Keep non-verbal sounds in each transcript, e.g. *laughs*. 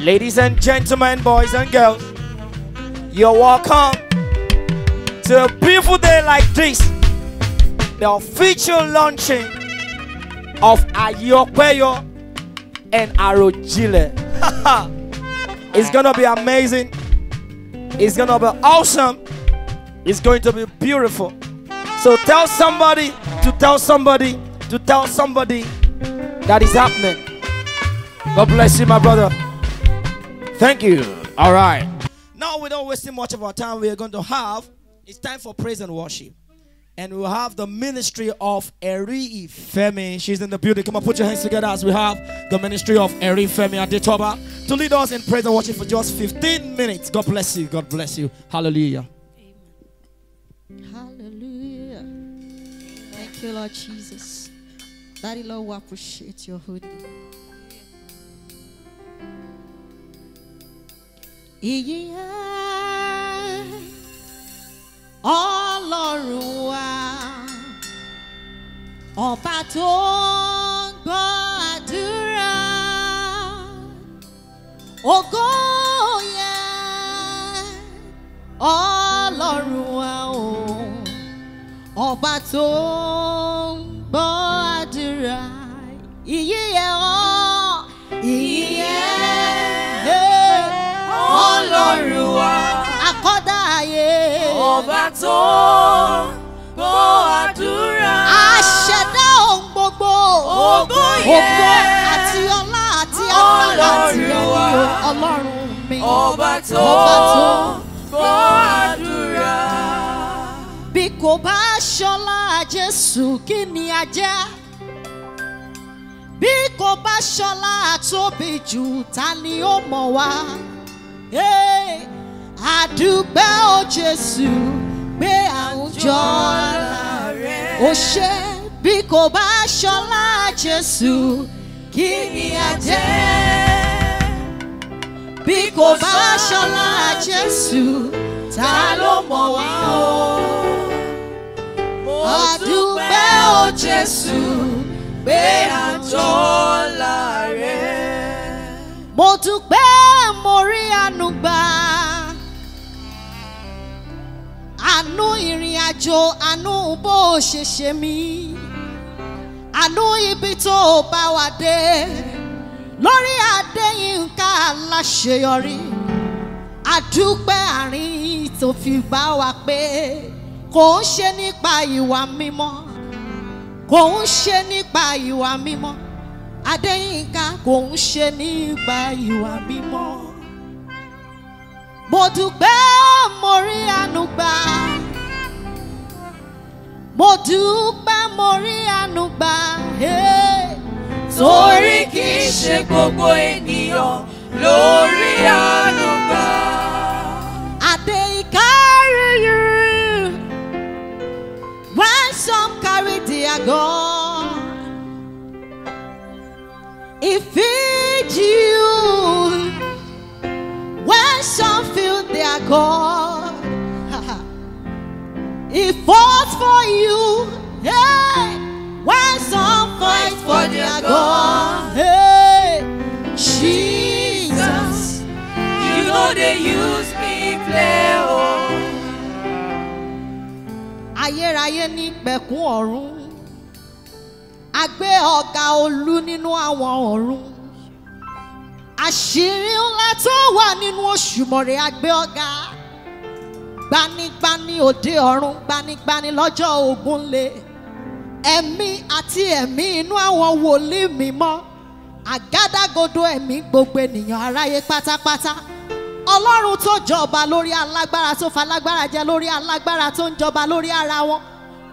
Ladies and gentlemen, boys and girls, you're welcome to a beautiful day like this. The official launching of Ayopeyo and Arojile. *laughs* it's gonna be amazing. It's gonna be awesome. It's going to be beautiful. So tell somebody to tell somebody to tell somebody that is happening. God bless you, my brother. Thank you. All right. Now, without wasting much of our time, we are going to have it's time for praise and worship. And we'll have the ministry of Eri Femi. She's in the building. Come on, put your hands together as we have the ministry of Eri Femi at Detoba to lead us in praise and worship for just 15 minutes. God bless you. God bless you. Hallelujah. Amen. Hallelujah. Thank you, Lord Jesus. Daddy, Lord, we appreciate your hood. ìyá ọlọ́run wa ọba tó ń gbọ́ àdúrà ògo yẹ ọlọ́run wa o ọba tó ń gbọ́ àdúrà ìyí ọ. ọlọ́run wa. àkọ́dá ayé. ọba tó gbọ́ àdúrà. àṣẹdá ohun gbogbo. ògo yẹ. àti ọlá àti agbára àti ẹni ọlọ́run mi. ọba tó gbọ́ àdúrà. bí kò bá ṣọlá jésù kí ni a bí kò bá ṣọlá tóbi jù ta ni ó mọ̀ wá àdúpẹ́ o Jésù pé àwùjọ ọ̀la rẹ̀ ó ṣe bí kò bá ṣọlá Jésù kí ni a jẹ́ bí kò bá ṣọlá Jésù ta ló mọ̀ wá o àdúpẹ́ o Jésù pé àjọ ọ̀la rẹ̀ mo tún pé mo rí àánú gbà àánú ìrìn àjò àánú bó ṣe ṣe mí àánú ibi tó bá wà dé lórí Adéyínká aláṣeyọrí àdúpẹ́ àárín tó fi bá wa pé kò ń ṣe nípa ìwà mímọ́ kò ń ṣe nípa ìwà mímọ́. Adéyínká kò ń ṣe nígbà ìwà mímọ́ mo dúpẹ́ mo rí àánú gbà mo dúpẹ́ mo rí àánú gbà torí kì í ṣe gbogbo ènìyàn lórí àánú. ayérayé ní pẹ̀kún ọ̀run a gbé ọ̀gá olú nínú àwọn ọ̀run àṣírí ńlá tó wà nínú òṣùmọ̀rẹ́ a gbé ọ̀gá gbanigbani òde ọ̀run gbanigbani lọ́jọ́ ogun lé ẹ̀mí àti ẹ̀mí inú àwọn wòlíì mímọ́ àgádágodo ẹ̀mí gbogbo ènìyàn aráyé pátápátá ọlọ́run tó jọba lórí alágbára tó falágbára jẹ lórí alágbára tó ń jọba lórí ara wọn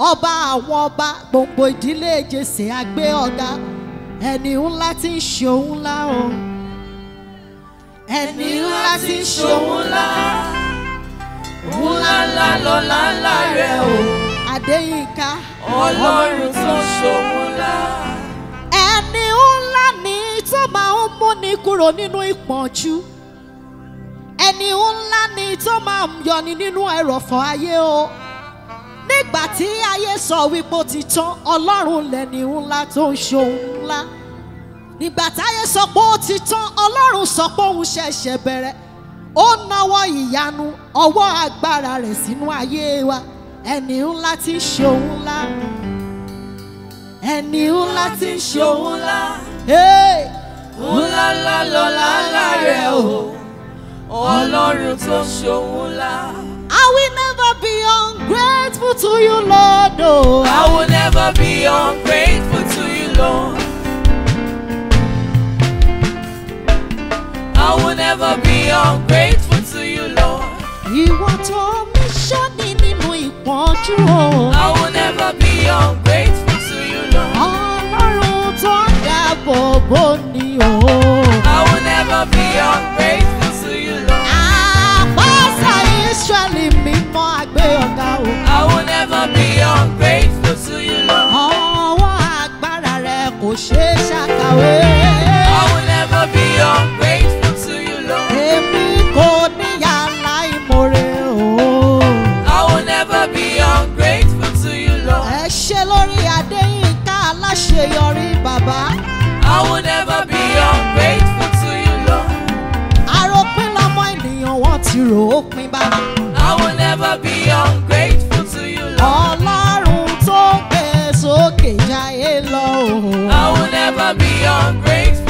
ọba àwọn ọba gbòǹgbò ìdílé jèsè àgbé ọ̀gá ẹni ńlá tí ń ṣe òun ńlá o ẹni ńlá tí ń ṣe òun ńlá òun ńláńlá lọ́lá ńlá rẹ o Adéyínká ọlọ́run tó ń ṣe òun ńlá. ẹni ńlá ni tó máa ń múni kúrò nínú ìpọ́njú ẹni ńlá ni tó máa ń yọni nínú ẹrọ̀fọ̀ ayé o nígbà tí ayé sọ wípé ó ti tán ọlọ́run lẹ́ni ńlá tó ń ṣohun ńlá nígbà táyé sọ pé ó ti tán ọlọ́run sọ pé òun ṣẹ̀ṣẹ̀ bẹ̀rẹ̀ ó náwó ìyanu ọwọ́ agbára rẹ̀ sínú ayé wa ẹni ńlá tí ń ṣohun ńlá ẹni ńlá tí ń ṣohun ńlá ńlá ńlá lọ́la ńlá rẹ̀ o ọlọ́run tó ṣohun ńlá. I will never be ungrateful to you, Lord. Oh. I will never be ungrateful to you, Lord. I will never be ungrateful to you, Lord. You want Ìwọ tọ́ mi we want you. ìpọ́njú I will never be ungrateful to you, Lord. Ọlọ́run tó dáàbò bò ni o. Oh. I will never be ungrateful. Israeli mímọ́ àgbé ọ̀gá o. I will never be ungrateful to you, Lord. Ọwọ́ agbára rẹ kò ṣe é ṣàkàwé. I will never be ungrateful to you, Lord. Èmi kò níyà láìmoore o. I will never be ungrateful to you, Lord. Ẹ ṣé lórí Adéyínká aláṣeyọrí bàbá. rò pin bá. I will never be ungrateful to you, Lord. Ọlọ́run tó gbé sókè jáyé lọ. I will never be ungrateful.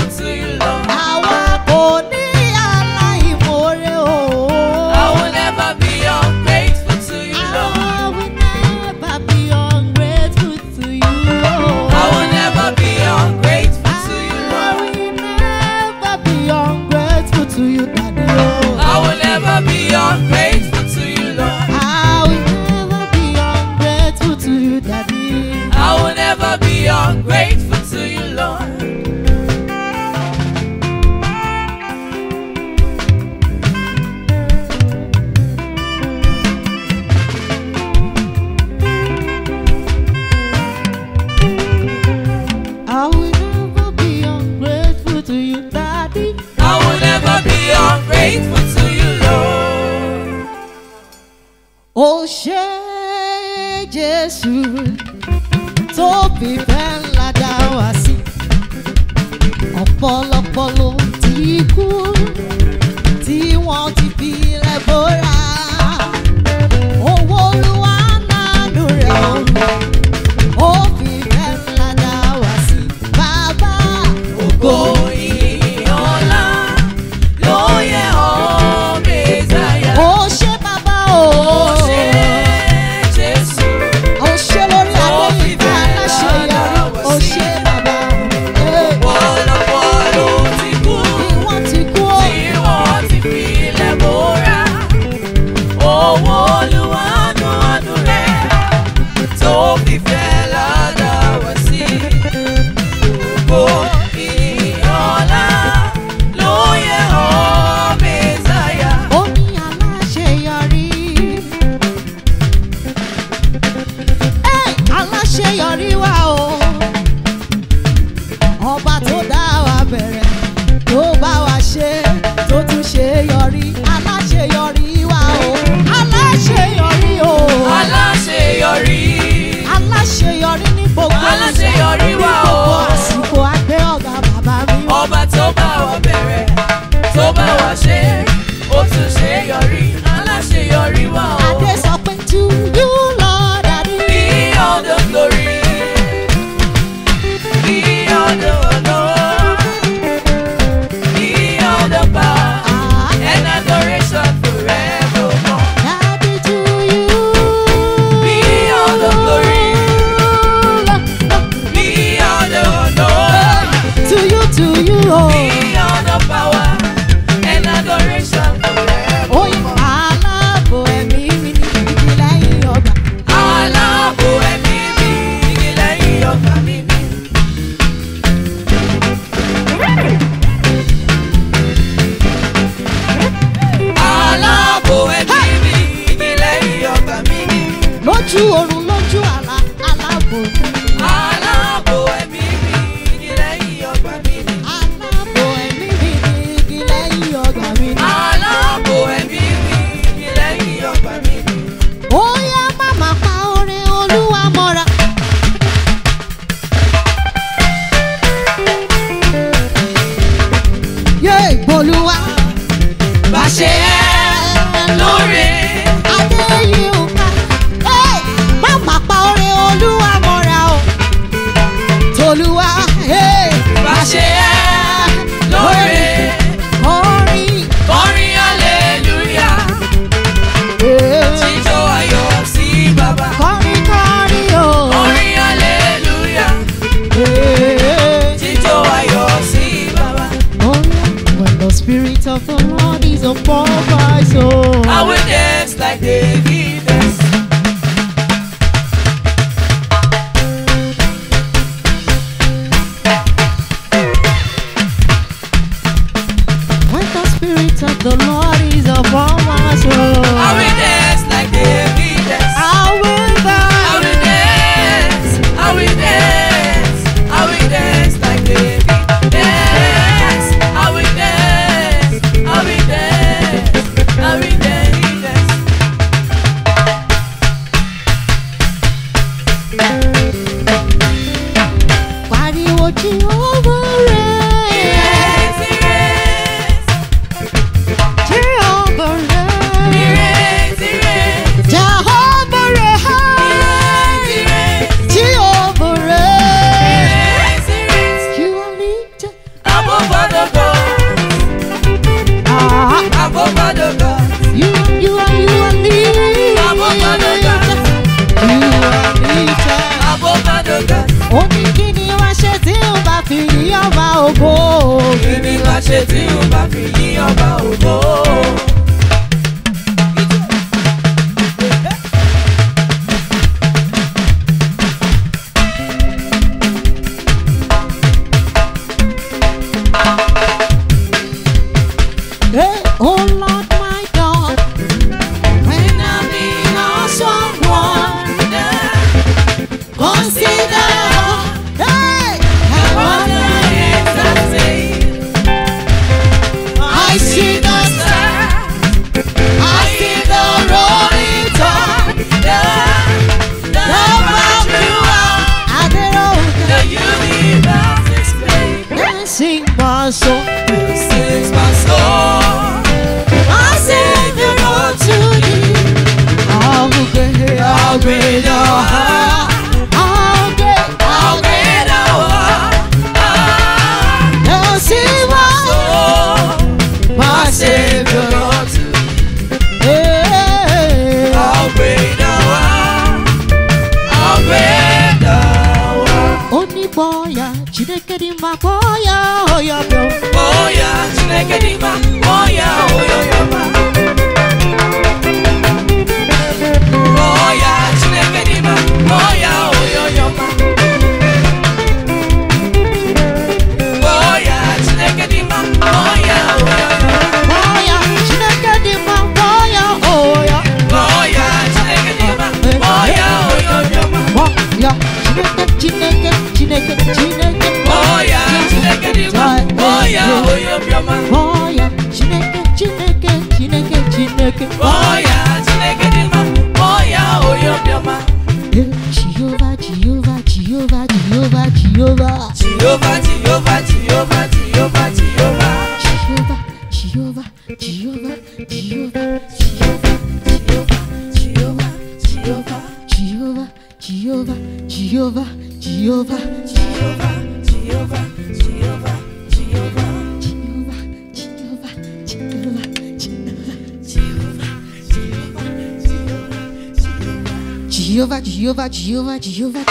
Juva, Juva,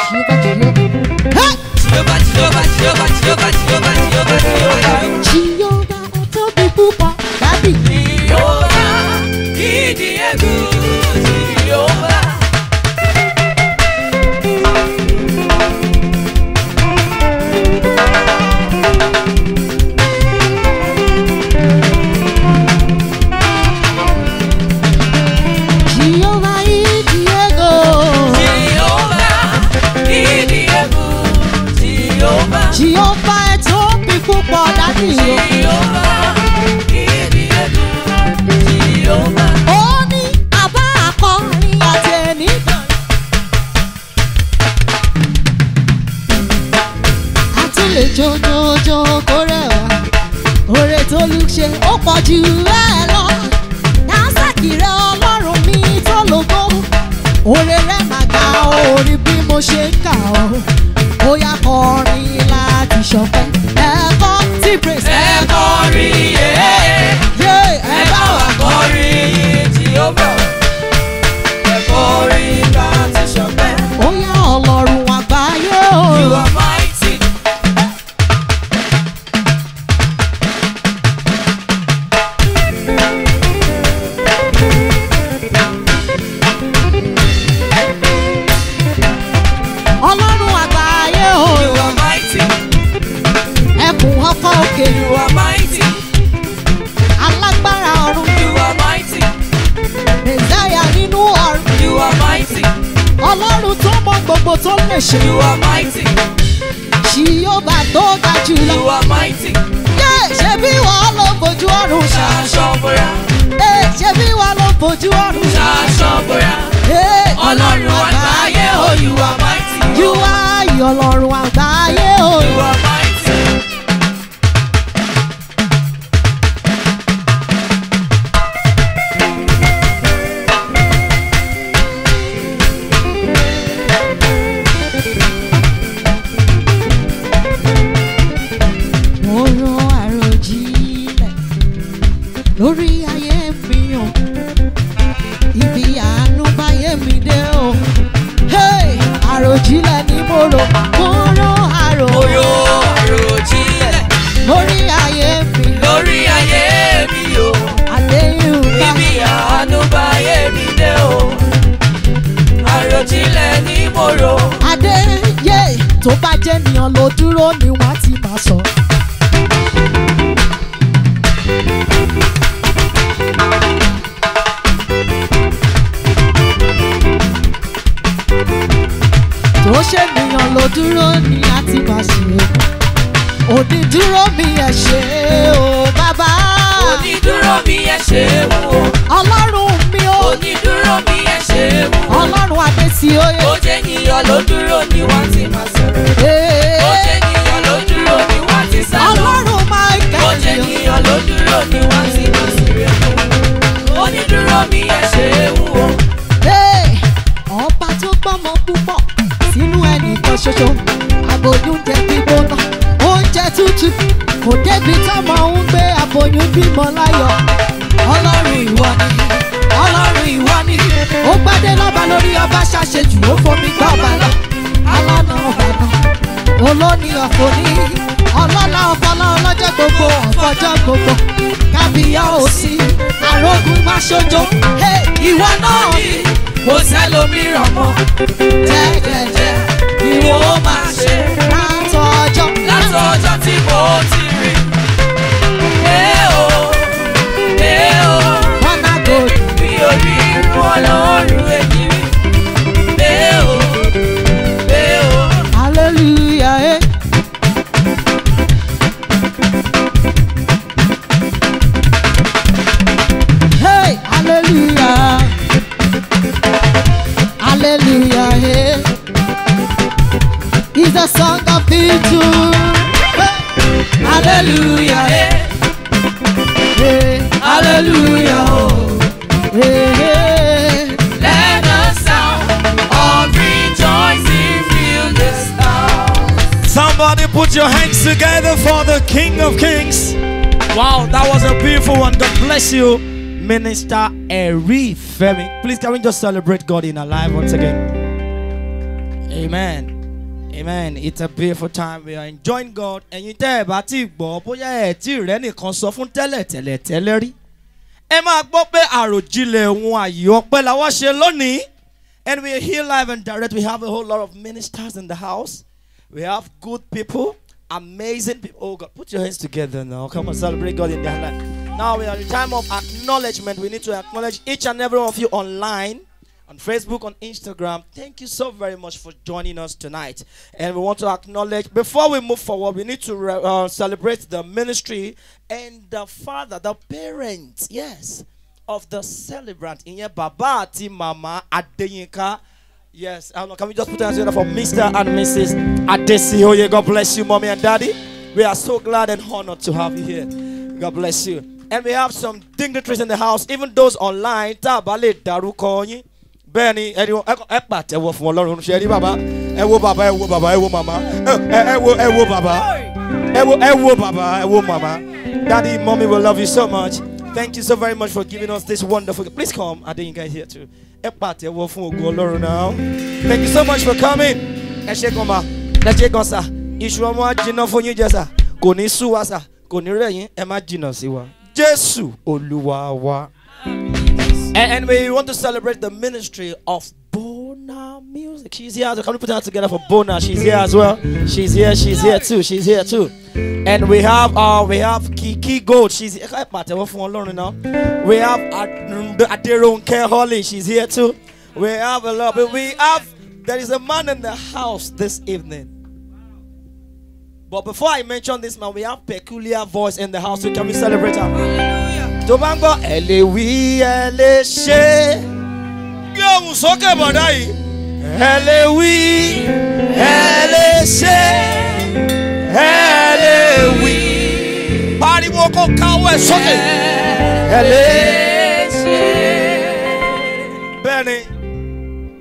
ni mo rò. adéyé tó bá jẹ́ nìyàn ló dúró ni wọ́n ti máa sọ. tó ṣe nìyàn ló dúró ni a ti máa ṣe. onídúró mi ẹ ṣé o bàbá. onídúró mi ẹ ṣé o. ọlọ́run ṣe mú. ọlọ́run adé sí oyè. ó jẹ́ yíyan ló dúró ni wọ́n ti máa sọ̀rọ̀. ó jẹ́ yíyan ló dúró ni wọ́n ti sá lọ. ọlọ́run máa ń kẹ́ ẹ̀yọ́. ó jẹ́ yíyan ló dúró ni wọ́n ti máa sọ̀rọ̀. onídùúró mi ẹ̀ ṣe é wú o. ọba tó gbọ́mọ púpọ̀ sínú ẹnìkan ṣoṣo aboyún gbígbóná oúnjẹ tútù kò débi tọ́mọ ń gbé aboyún bímọ láyọ̀ ọlọ́run ìwọ ni ó gbádé lọ́ba lórí ọba ṣàṣejù ó fomi gbá ọba lọ alọ́nà ọba náà olóní ọ̀fọ̀ ní ọlọ́lá ọpọlọ ọlọ́jọ́ gbogbo ọ̀fọ́jọ́ gbogbo kábíyá òsì arógun máṣojo ìwọ náà ni kò sẹ́lómi rọ̀ mọ́ jẹ́jẹ́jẹ́ ìwọ ó máa. of Kings. Wow, that was a beautiful one. God bless you, Minister Eri Femi. Please, can we just celebrate God in our life once again? Amen. Amen. It's a beautiful time. We are enjoying God. and you tell about ti gbọ́ bóyá ẹ̀ tí rẹ̀ nìkan sọ fún tẹ́lẹ̀ tẹ́lẹ̀ tẹ́lẹ̀ rí. Ẹ máa gbọ́ pé àyè ọpẹ́ la wá ṣe And we are here live and direct. We have a whole lot of ministers in the house. We have good people amazing people. Oh God, put your hands together now. Come on, celebrate God in their life. Now we are in time of acknowledgement. We need to acknowledge each and every one of you online, on Facebook, on Instagram. Thank you so very much for joining us tonight. And we want to acknowledge, before we move forward, we need to uh, celebrate the ministry and the father, the parents, yes, of the celebrant. In babati, Baba Ati Mama Adeyinka. Yes. Can we just put our hands together for Mr. and Mrs. Adesioye? God bless you, mommy and daddy. We are so glad and honored to have you here. God bless you. And we have some dignitaries in the house, even those online. Tabale Konyi, Benny, anyone, Epat, Ewo from Olorun, Sherry Baba, Ewo Baba, Ewo Baba, Ewo Mama, Ewo, Ewo Baba, Ewo, Ewo Baba, Ewo Mama. Daddy, mommy will love you so much. Thank you so very much for giving us this wonderful. Please come. I think you guys here too. now. Thank you so much for coming. Ẹ ṣé gan ma, ẹ ṣé gan sa, iṣu ọmọ á jiná fún yín jẹ sa, kò ní sú wa sa, kò ní rẹ̀ yín, ẹ má jìnà sí wa. Jésù Olúwa wa. And we want to celebrate the ministry of Bona Music. She's here. Can we put her together for Bona? She's here as well. She's here. She's here too. She's here too. And we have uh, we have Kiki Gold. She's here. now. We have Aderonke Holly. She's here too. We have a lot. But we have there is a man in the house this evening. But before I mention this man, we have peculiar voice in the house. So can we celebrate him? Tobango eleshe. Gbé ohùn sókè bọ̀dá kókó káwọ́ sókè.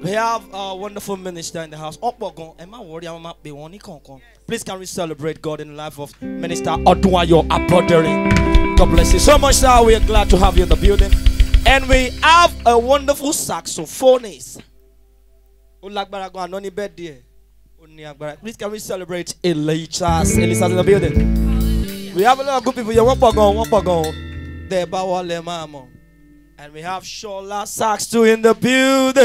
we have a wonderful minister in the house ọ̀pọ̀ gan ẹ má I àwọn máa one. wọ́n ní kọ̀ọ̀kan please can we celebrate God in the life of minister Oduayo Apodere? God bless you so much sir we are glad to have you in the building and we have a wonderful saxophonist ó go gan àná ní bẹ́ẹ̀ please can we celebrate Elijah's Elijah in the building. We have a lot of good people here. One pọ̀ gan one wọ́n pọ̀ gan-an. Tẹ̀ bá wọlé And we have Shola Sachs too in the building.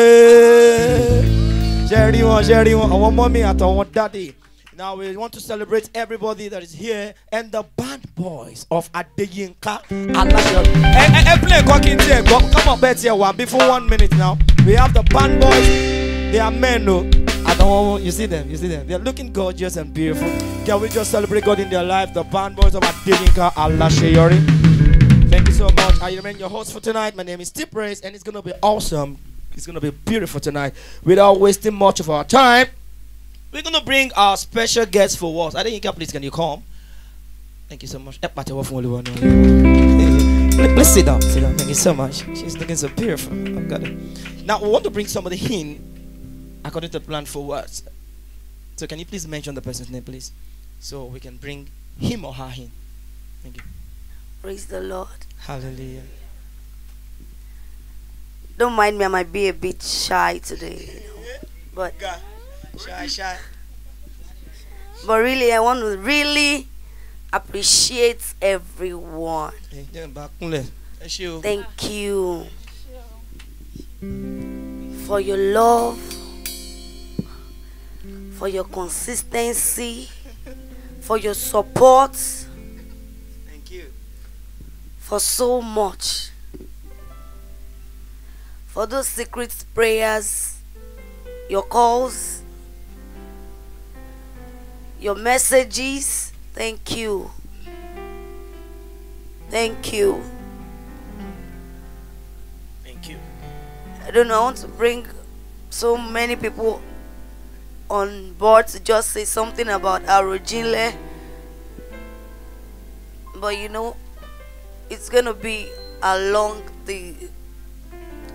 Jerry one, Jerry one, I want mommy I don't want daddy. Now we want to celebrate everybody that is here and the band boys of Adeyinka Alayo. Hey, hey, hey, come on, Betty, one before one minute now. We have the band boys. They are men, no. Oh, you see them, you see them. They're looking gorgeous and beautiful. Can we just celebrate God in their life? The band boys of Adinka Alashayori. Thank you so much. I remain your host for tonight. My name is Tip Race, and it's going to be awesome. It's going to be beautiful tonight. Without wasting much of our time, we're going to bring our special guest for us. I think you can please, can you come? Thank you so much. Eh, *laughs* let's sit down, sit down. Thank you so much. She's looking so beautiful. I've got it. Now, we want to bring somebody in according to the plan for what? So can you please mention the person's name, please? So we can bring him or her in. Thank you. Praise the Lord. Hallelujah. Don't mind me, I might be a bit shy today. You know, but shy, shy. But really, I want to really appreciate everyone. Thank you for your love for your consistency, for your support. Thank you. For so much. For those secret prayers, your calls, your messages. Thank you. Thank you. Thank you. I don't know, I want to bring so many people on board to just say something about Arojinle. But you know, it's gonna be along the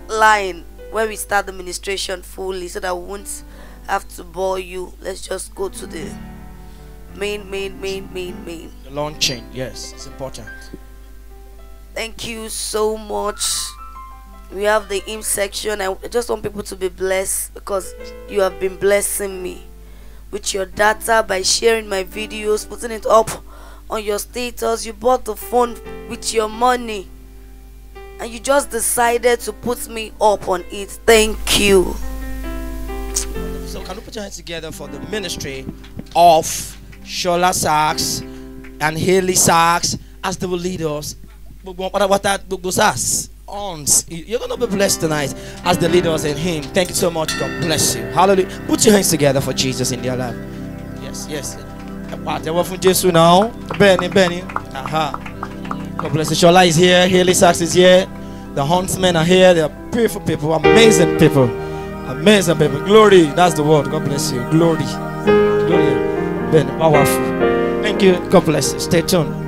line where we start the ministration fully so that we won't have to bore you. Let's just go to the main, main, main, main, main. The launching, yes, it's important. Thank you so much we have the hymn section i just want people to be blessed because you have been blessing me with your data by sharing my videos putting it up on your status you bought the phone with your money and you just decided to put me up on it thank you so can you put your hands together for the ministry of shola sachs and haley sachs as they will lead us that? pátápátá gbogbo us? aunts. You're going to be blessed tonight as the leaders in Him. Thank you so much. God bless you. Hallelujah. Put your hands together for Jesus in your life. Yes, yes. Pàtẹ́wọ́ fún Jesus now. Benny, Benny. Aha. God bless you. Shola is here. Haley Sachs is here. The huntsmen are here. They are beautiful people, amazing people. Amazing people. Glory. That's the word. God bless you. Glory. Glory. Ben, powerful. Thank you. God bless you. Stay tuned.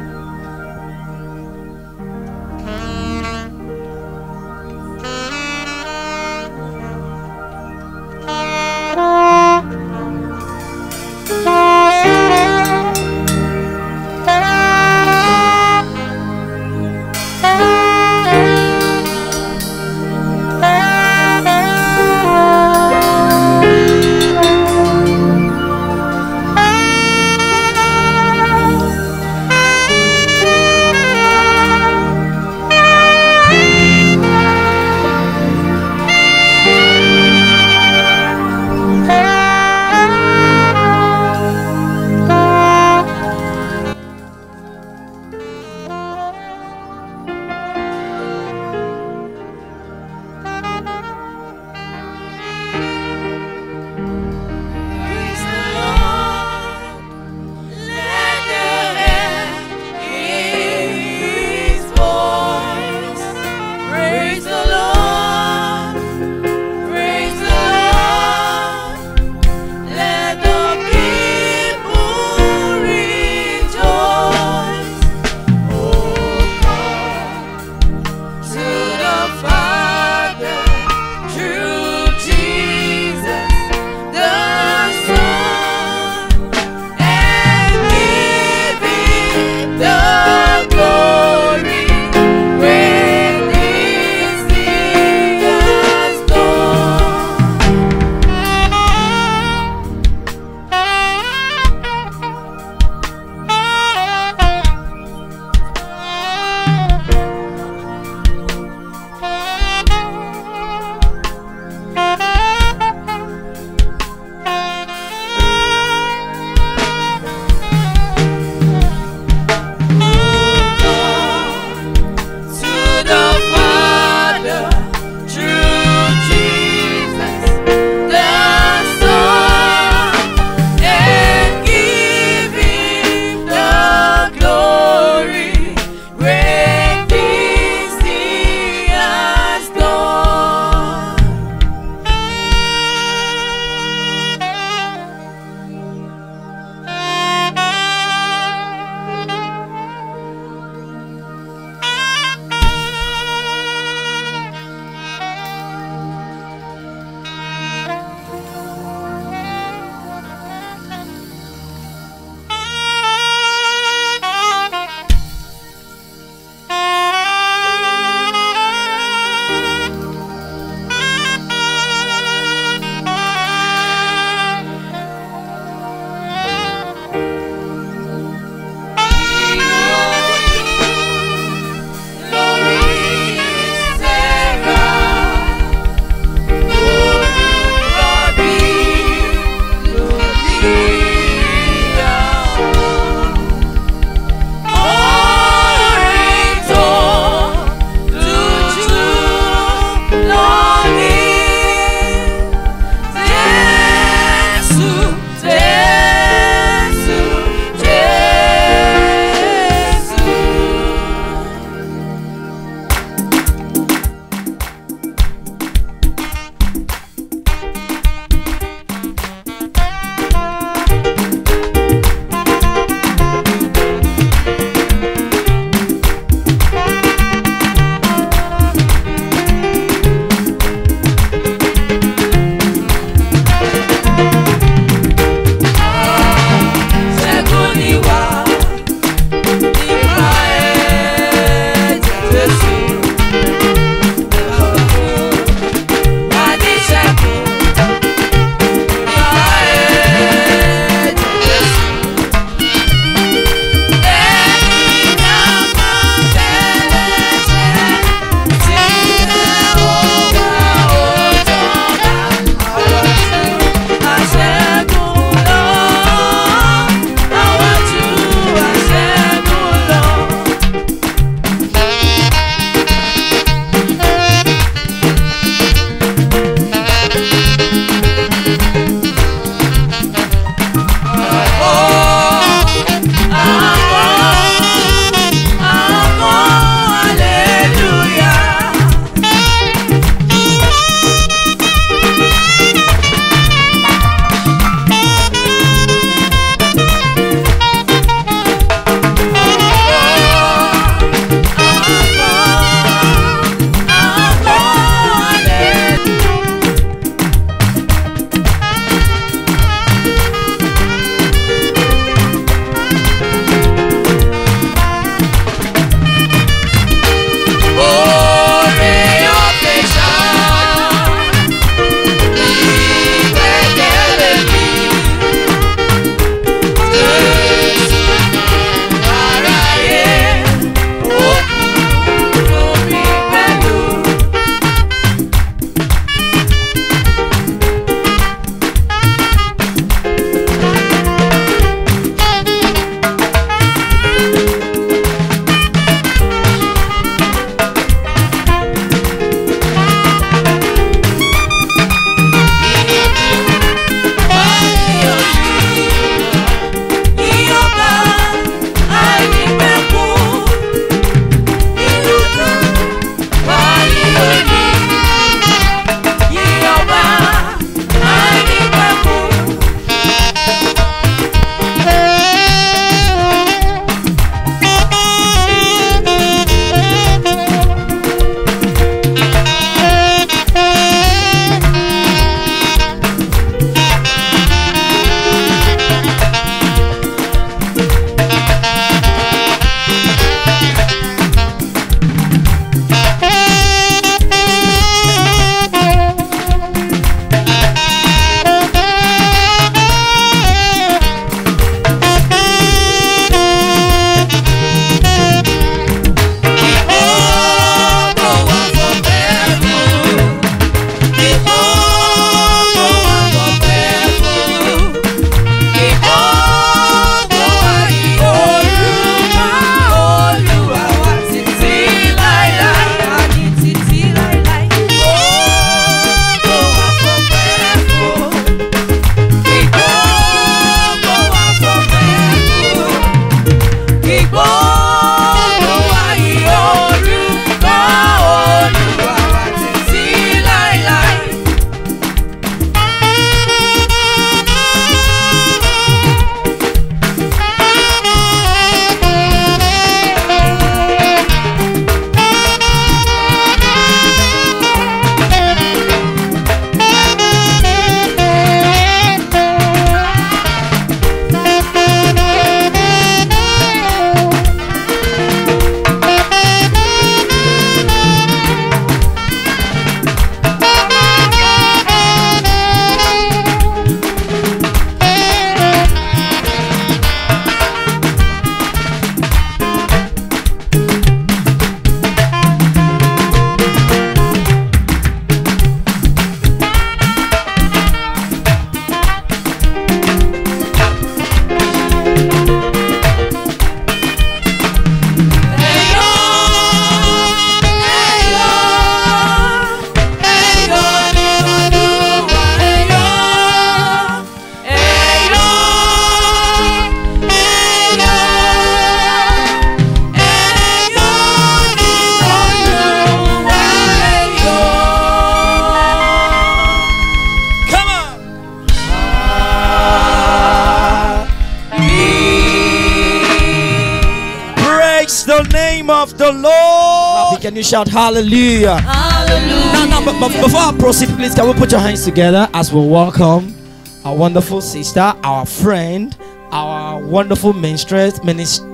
Can you shout hallelujah? Hallelujah. Now, now, before I proceed, please, can we put your hands together as we welcome our wonderful sister, our friend, our wonderful ministress, Minister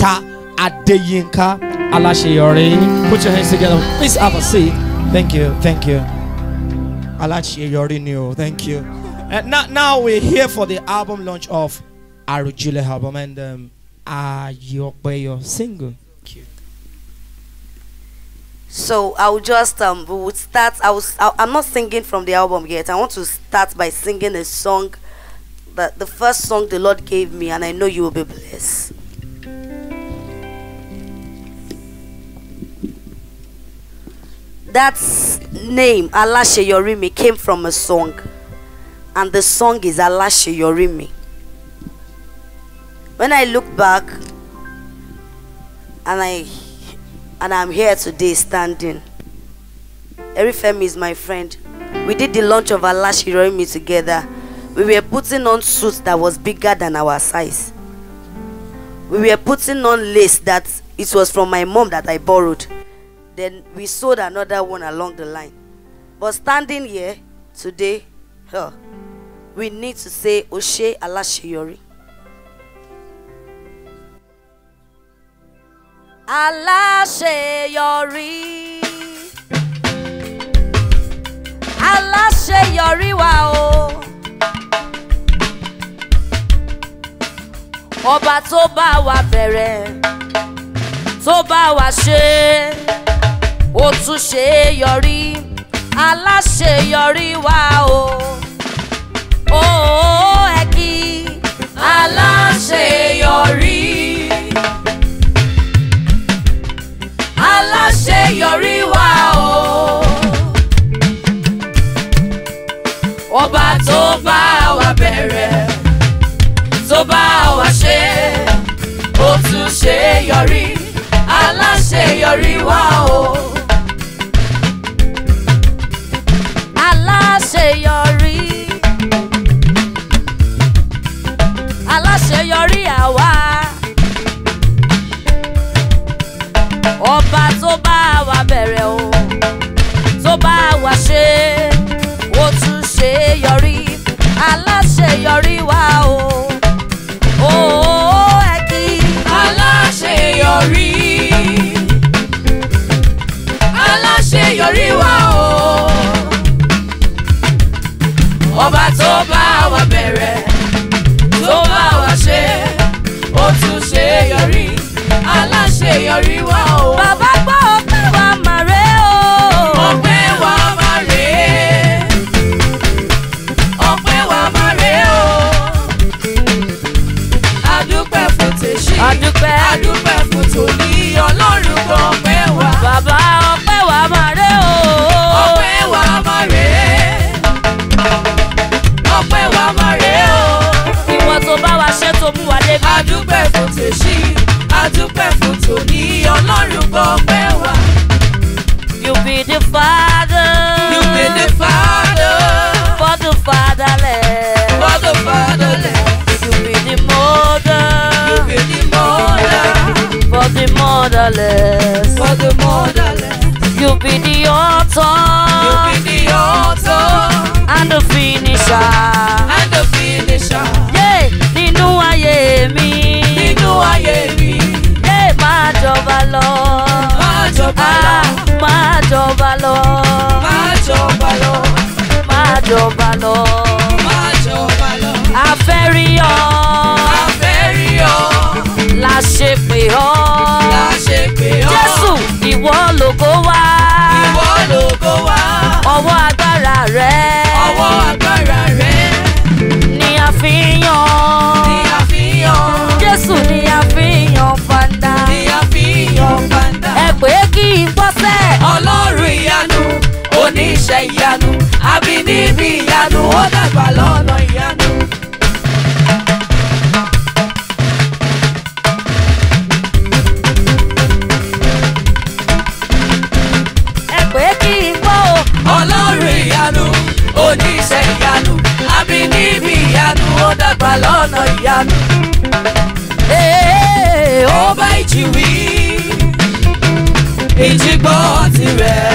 Adeyinka Alasheyori. Put your hands together. Please have a seat. Thank you. Thank you. Alasheyori New. Thank you. And uh, now, now we're here for the album launch of Arujile album and um, uh, your single. So I'll just um we would start. I was I, am not singing from the album yet. I want to start by singing a song that the first song the Lord gave me, and I know you will be blessed. That name Alashe Yorimi came from a song, and the song is Alashe Yorimi. When I look back and I and I'm here today standing. Erifemi is my friend. We did the launch of Alash Hiroimi together. We were putting on suits that was bigger than our size. We were putting on lace that it was from my mom that I borrowed. Then we sold another one along the line. But standing here today, huh, we need to say Oshe Alashiyori. aláṣeyọrí aláṣeyọrí wa o ọba tó bá wa bẹ̀rẹ̀ tó bá wa ṣe ó tún ṣe é yọrí aláṣeyọrí wa o ó ẹ kí aláṣeyọrí aláṣeyọrí wa o. ọba tó bá wa bẹ̀rẹ̀ tó bá wa ṣe ó tún ṣe yọrí aláṣeyọrí wa o. aláṣeyọrí aláṣeyọrí àwa. ó bá wa bẹ̀rẹ̀ o tó bá wa ṣe ó tún ṣe é yọrí aláṣeyọrí wa o ó ẹ kí aláṣeyọrí aláṣeyọrí wa o ọba tó bá wa bẹ̀rẹ̀ tó bá wa ṣe ó tún ṣe é yọrí wa o. bàbá adúpẹ́ adúpẹ́ fún tòní. motherless. For the motherless. you be the author. you be the author. And the finisher. And the finisher. Yeah, the new mi. me, the new Yeah, me. Yeah, my Máa jọba my Máa jọba my ah, Máa jọba my Máa jọba lọ. Máa jọba lọ. A fẹ́ rí ọ. A fẹ́ rí ọ. La ṣe pè ọ́ ìwọ lògo wá. ìwọ lògo wá. ọwọ́ agbára rẹ. ọwọ́ agbára rẹ. ni a fi ń yan. ni a fi ń yan. Jésù ni a fi ń yan fanda. ni a fi ń yan fanda. ẹ pé kí n gbọ́sẹ̀. ọlọ́run ìyanu oníṣẹ́ ìyanu àbí níbi ìyanu ó dàgbà lọ́nà ìyanu. no yam ọba ìjìwí ìjìgbọ́ tirẹ̀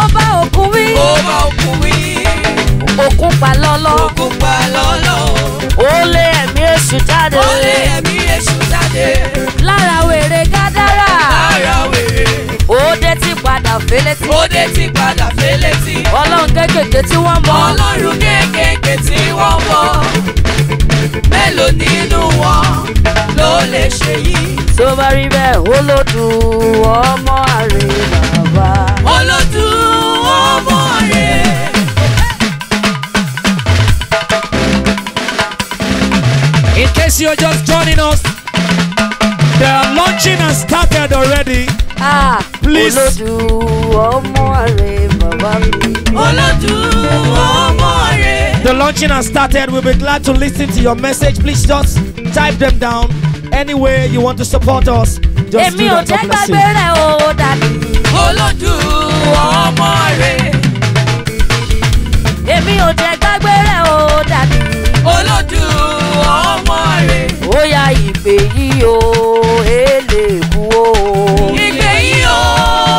ọba òkun wí ọba òkun wí òkun pa lọ́lọ́ òkun pa lọ́lọ́ ó lé ẹ̀mí èṣù jáde ó lé ẹ̀mí èṣù jáde lára wèrè gádàrà lára wèrè òde ti padà félétí òde ti padà félétí ọlọ́run kékèké tí wọ́n mọ̀ ọlọ́run kékèké tí wọ́n mọ̀ mélòó nínú wọn ló lè ṣe yìí. tó bá rí bẹ́ẹ̀ olódù ọmọ àrè bàbá. olódù ọmọ àrè. In case you're just joining us, they are launching and started already. Ah, please. Olódù ọmọ àrè bàbá mi. Olódù ọmọ àrè. The launching has started. We'll be glad to listen to your message. Please just type them down. Any way you want to support us, just do that. o èlé kú o. Ìgbé o.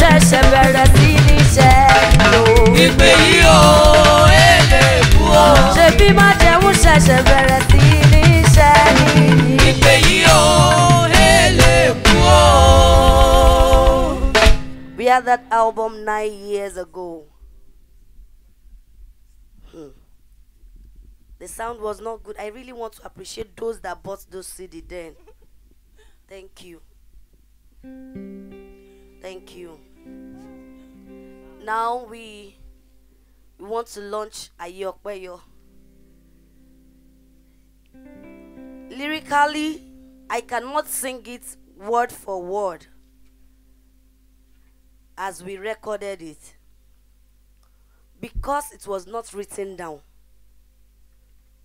bẹ̀rẹ̀ ní ìpè o èlé má bẹ̀rẹ̀ ní ìpè o èlé We had that album nine years ago. Hmm. The sound was not good. I really want to appreciate those that bought those CD then. Thank you. Thank you. Now we want to launch Ayokweyo. Lyrically, I cannot sing it word for word as we recorded it because it was not written down,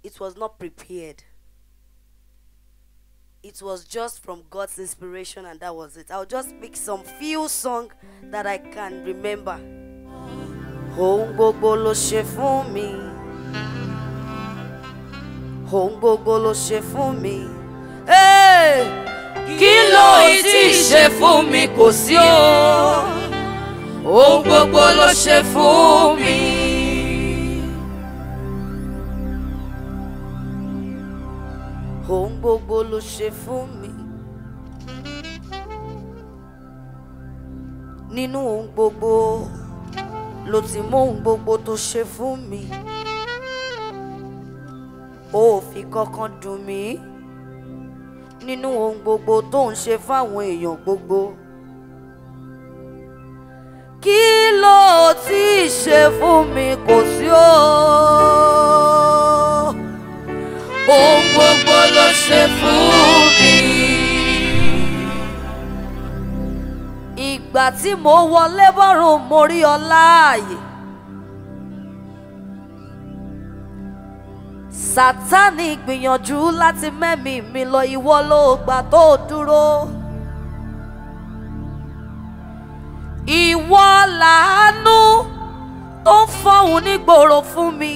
it was not prepared it was just from God's inspiration, and that was it. I'll just pick some few songs that I can remember. Ohun gbogbo ló for me. mi. Ohun gbogbo for me. Eh, mi. ló ìtì ṣe fún mi kò sí o? Ohun gbogbo ló ṣe fún mi. ohun gbogbo ló ṣe fún mi nínú ohun gbogbo ló ti mú ohun gbogbo tó ṣe fún mi o ò fi kankan dùn mí nínú ohun gbogbo tó ń ṣe fáwọn èèyàn gbogbo kí ló ti ṣe fún mi kò sí o ohun gbogbo ló ṣe fún mi. ìgbà tí mo wọlé bọ́rùn mo rí ọ láàyè. sátánì gbìyànjú láti mẹ́mí mi lọ ìwọ ló gbà tó dúró. ìwọ làánú tó ń fọhùn nígboro fún mi.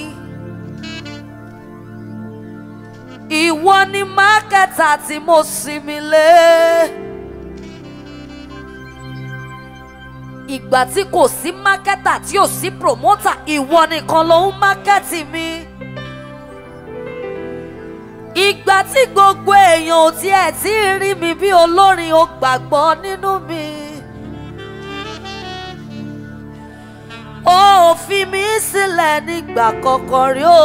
ìwọ ni mákẹ́tà tí mo sinmi lé. ìgbà tí kò sí mákẹ́tà tí ò sí promota ìwọ nìkan ló ń mákẹ́tì mi. ìgbà tí gbogbo èèyàn ò tiẹ̀ tí ì rí mi bí olórin ò gbàgbọ́ nínú mi. ó fi mi sílẹ̀ nígbà kọ̀ọ̀kan ó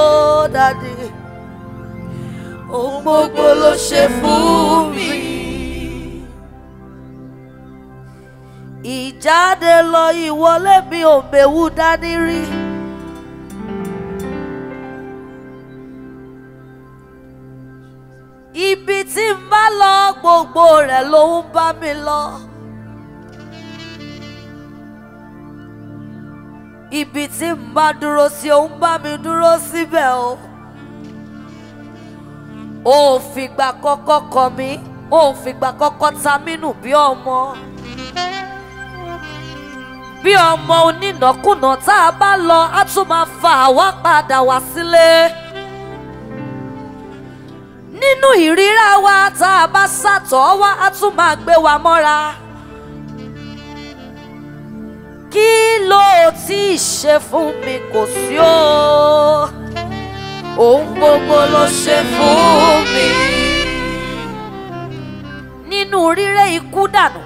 dádì ohun gbogbo ló ṣe fún mi. ìjáde lọ ìwọlé mi ò mèwú dání rí. ibi tí n bá lọ gbogbo rẹ̀ ló ń bá mi lọ. ibi tí n bá dúró sí ó ń bá mi dúró síbẹ̀ o. Si O fìgbà kọ́kọ́ kọ mí ò fìgbà kọ́kọ́ ta mí nù bí ọmọ bí ọmọ onínàkúnà tá a bá lọ á tún máa fa àwa padà wá sílé nínú ìríra wa tá a bá sàtọ̀ wá á tún máa gbé wa mọ́ra kí ló ti ṣe fún mi kò sí o ohun gbogbo ló ṣe fún mi. nínú rírẹ́ ikú dànù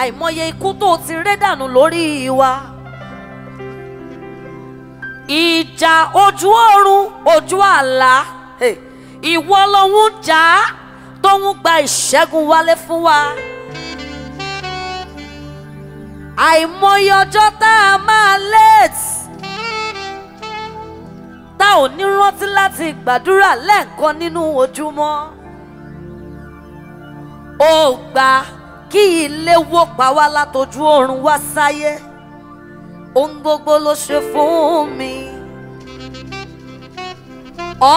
àìmọye ikú tó ti rẹ́ dànù lórí wa. ìjà ojú oorun ojú àlá ìwọ lòun jà á tóun gba ìṣẹ́gun wálé fún wa. àìmọye ọjọ́ tá a máa late tá ò ní rántí láti gbàdúrà lẹ́ẹ̀kan nínú ojúmọ́ ó gbà kí ilé wó pa wá látojú oorun wá sáyé ohun gbogbo ló ṣe fún mi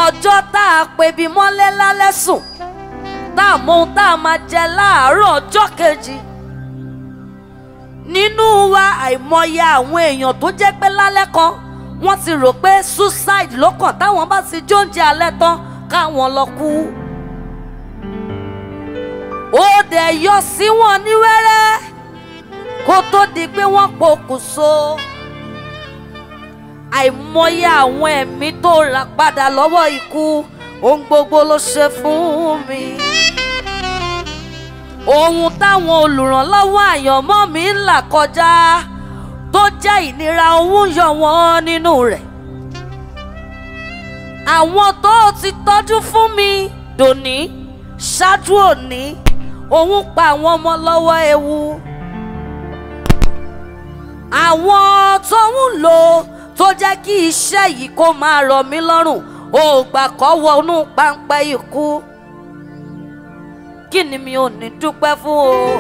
ọjọ́ tá a pebi mọ́lẹ̀ lálẹ́ sùn tá a mọ ohun tá a máa jẹ láàárọ̀ ọjọ́ kejì nínú wa àìmọye àwọn èèyàn tó jẹ́ pé lálẹ́ kan wọ́n ti rò pé suicide lọ́kàn táwọn bá ti jóúnjẹ alẹ́ tán káwọn lọ kú. ó dẹ̀ yọ sí wọn ní wẹ́rẹ́ kó tó di pé wọ́n pokùnso. àìmọye àwọn ẹ̀mí tó rà padà lọ́wọ́ ikú ohun gbogbo ló ṣe fún mi. ohun táwọn olùrànlọ́wọ́ àyànmọ́ mi ń là kọjá tó jẹ́ ìnira owó yọ wọ́n nínú rẹ̀ àwọn tó ti tọ́jú fún mi dòní ṣáájú òní òun pa àwọn ọmọ lọ́wọ́ ewu àwọn tó ń lò tó jẹ́ kí iṣẹ́ yìí kó máa rọ̀ mí lọ́rùn òògbà kọ́ wọnú páńpẹ́ ikú kí ni mi ò ní dúpẹ́ fún o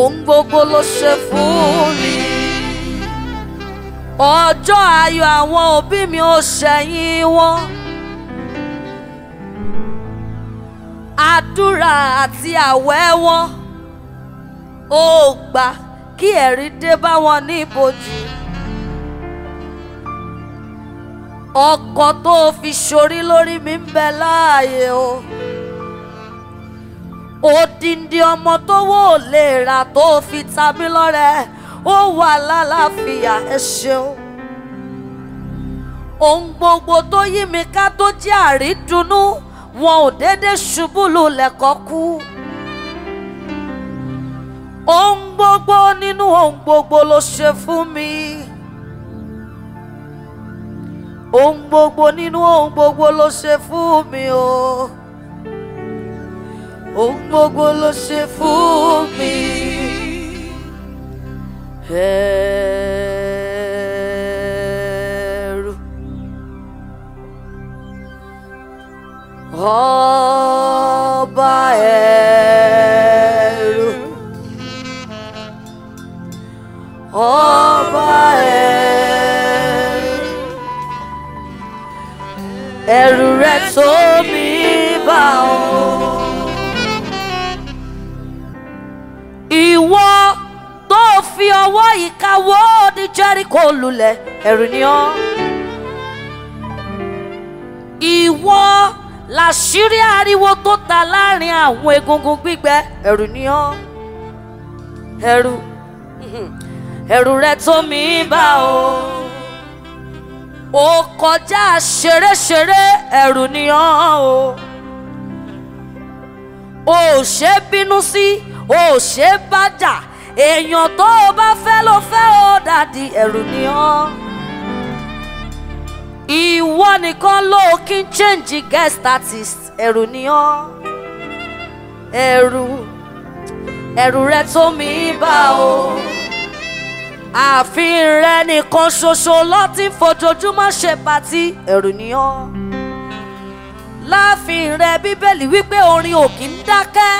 òun gbogbo ló ṣe fún mi ọjọ́ ayọ̀ àwọn òbí mi ò ṣẹ̀yìn wọn. àdúrà àti àwẹ̀ wọn ó gbà kí ẹ̀rí dé bá wọn ní ìbòjú. ọkọ tó fi ṣorí lórí mi ń bẹ láàyè o. odindi ọmọ tó wò lè rà tó fi ta mí lọ́rẹ ó wà lálàáfíà ẹ ṣeun ohun gbogbo tó yí mi ká tó jẹ́ àrídùnnú wọn ò déédéé ṣubú lulẹ̀ kọ́ kú ohun gbogbo nínú ohun gbogbo ló ṣe fún mi ohun gbogbo nínú ohun gbogbo ló ṣe fún mi o. ohun gbogbo ló ṣe fún mi. Hey. ẹ̀rù ni ọ́ ìwọ làṣírí ariwo tó ta láàrin àwọn egungun gbígbẹ ẹ̀rù ni ọ́ ẹ̀rù *laughs* ẹ̀rù rẹ tó mi bá o ó kọjá ṣeréṣeré ẹ̀rù ni ọ́ o ò ṣe bínú sí ò ṣe bá jà èèyàn tó o bá fẹ́ ló fẹ́ o dàdí ẹ̀rù ni ọ́ ìwọ nìkan ló kí n change guest artist ẹ̀rù ni ọ́ ẹ̀rù ẹ̀rù rẹ tó mi bá o àfihàn rẹ nìkan ṣoṣo ló ti ń fojoojúmọ́ ṣe pàtí ẹ̀rù ni ọ́ láàfin rẹ bíbélì wípé orin ò kí ń dákẹ́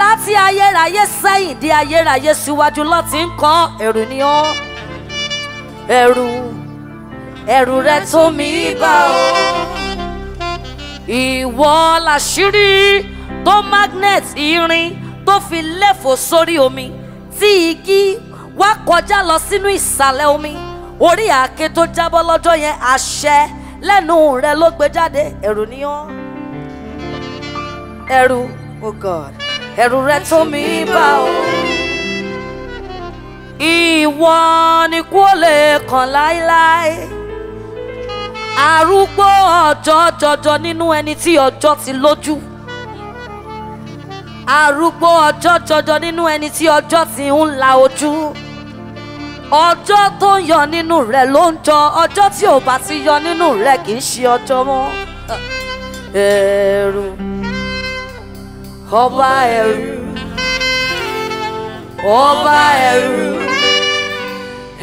láti ayérayé sẹ́yìn dé ayérayé síwájú ló ti ń kọ ẹ̀rù ni ọ́ ẹ̀rù ẹ̀rù rẹ tó mi bá o ìwọ làṣírí tó magnet irin tó fi léfò sórí omi tí igi wá kọjá lọ sínú ìsàlẹ̀ omi orí àáké tó jábọ́ lọ́jọ́ yẹn àṣẹ lẹ́nu rẹ ló gbé jáde ẹ̀rù ni ọ́ ẹ̀rù oh God ẹ̀rù rẹ tó mi bá o ìwọ ni kú ó lè kàn láéláé arúgbó ọjọ́ jọjọ nínú ẹni tí ọjọ́ ti lójú arúgbó ọjọ́ jọjọ nínú ẹni tí ọjọ́ ti ń la ojú ọjọ́ tó ń yọ nínú rẹ̀ ló ń jọ ọjọ́ tí ò bá ti yọ nínú rẹ̀ kì í ṣe ọjọ́ mọ́ ẹ̀rù ọba ẹ̀rù ọba ẹ̀rù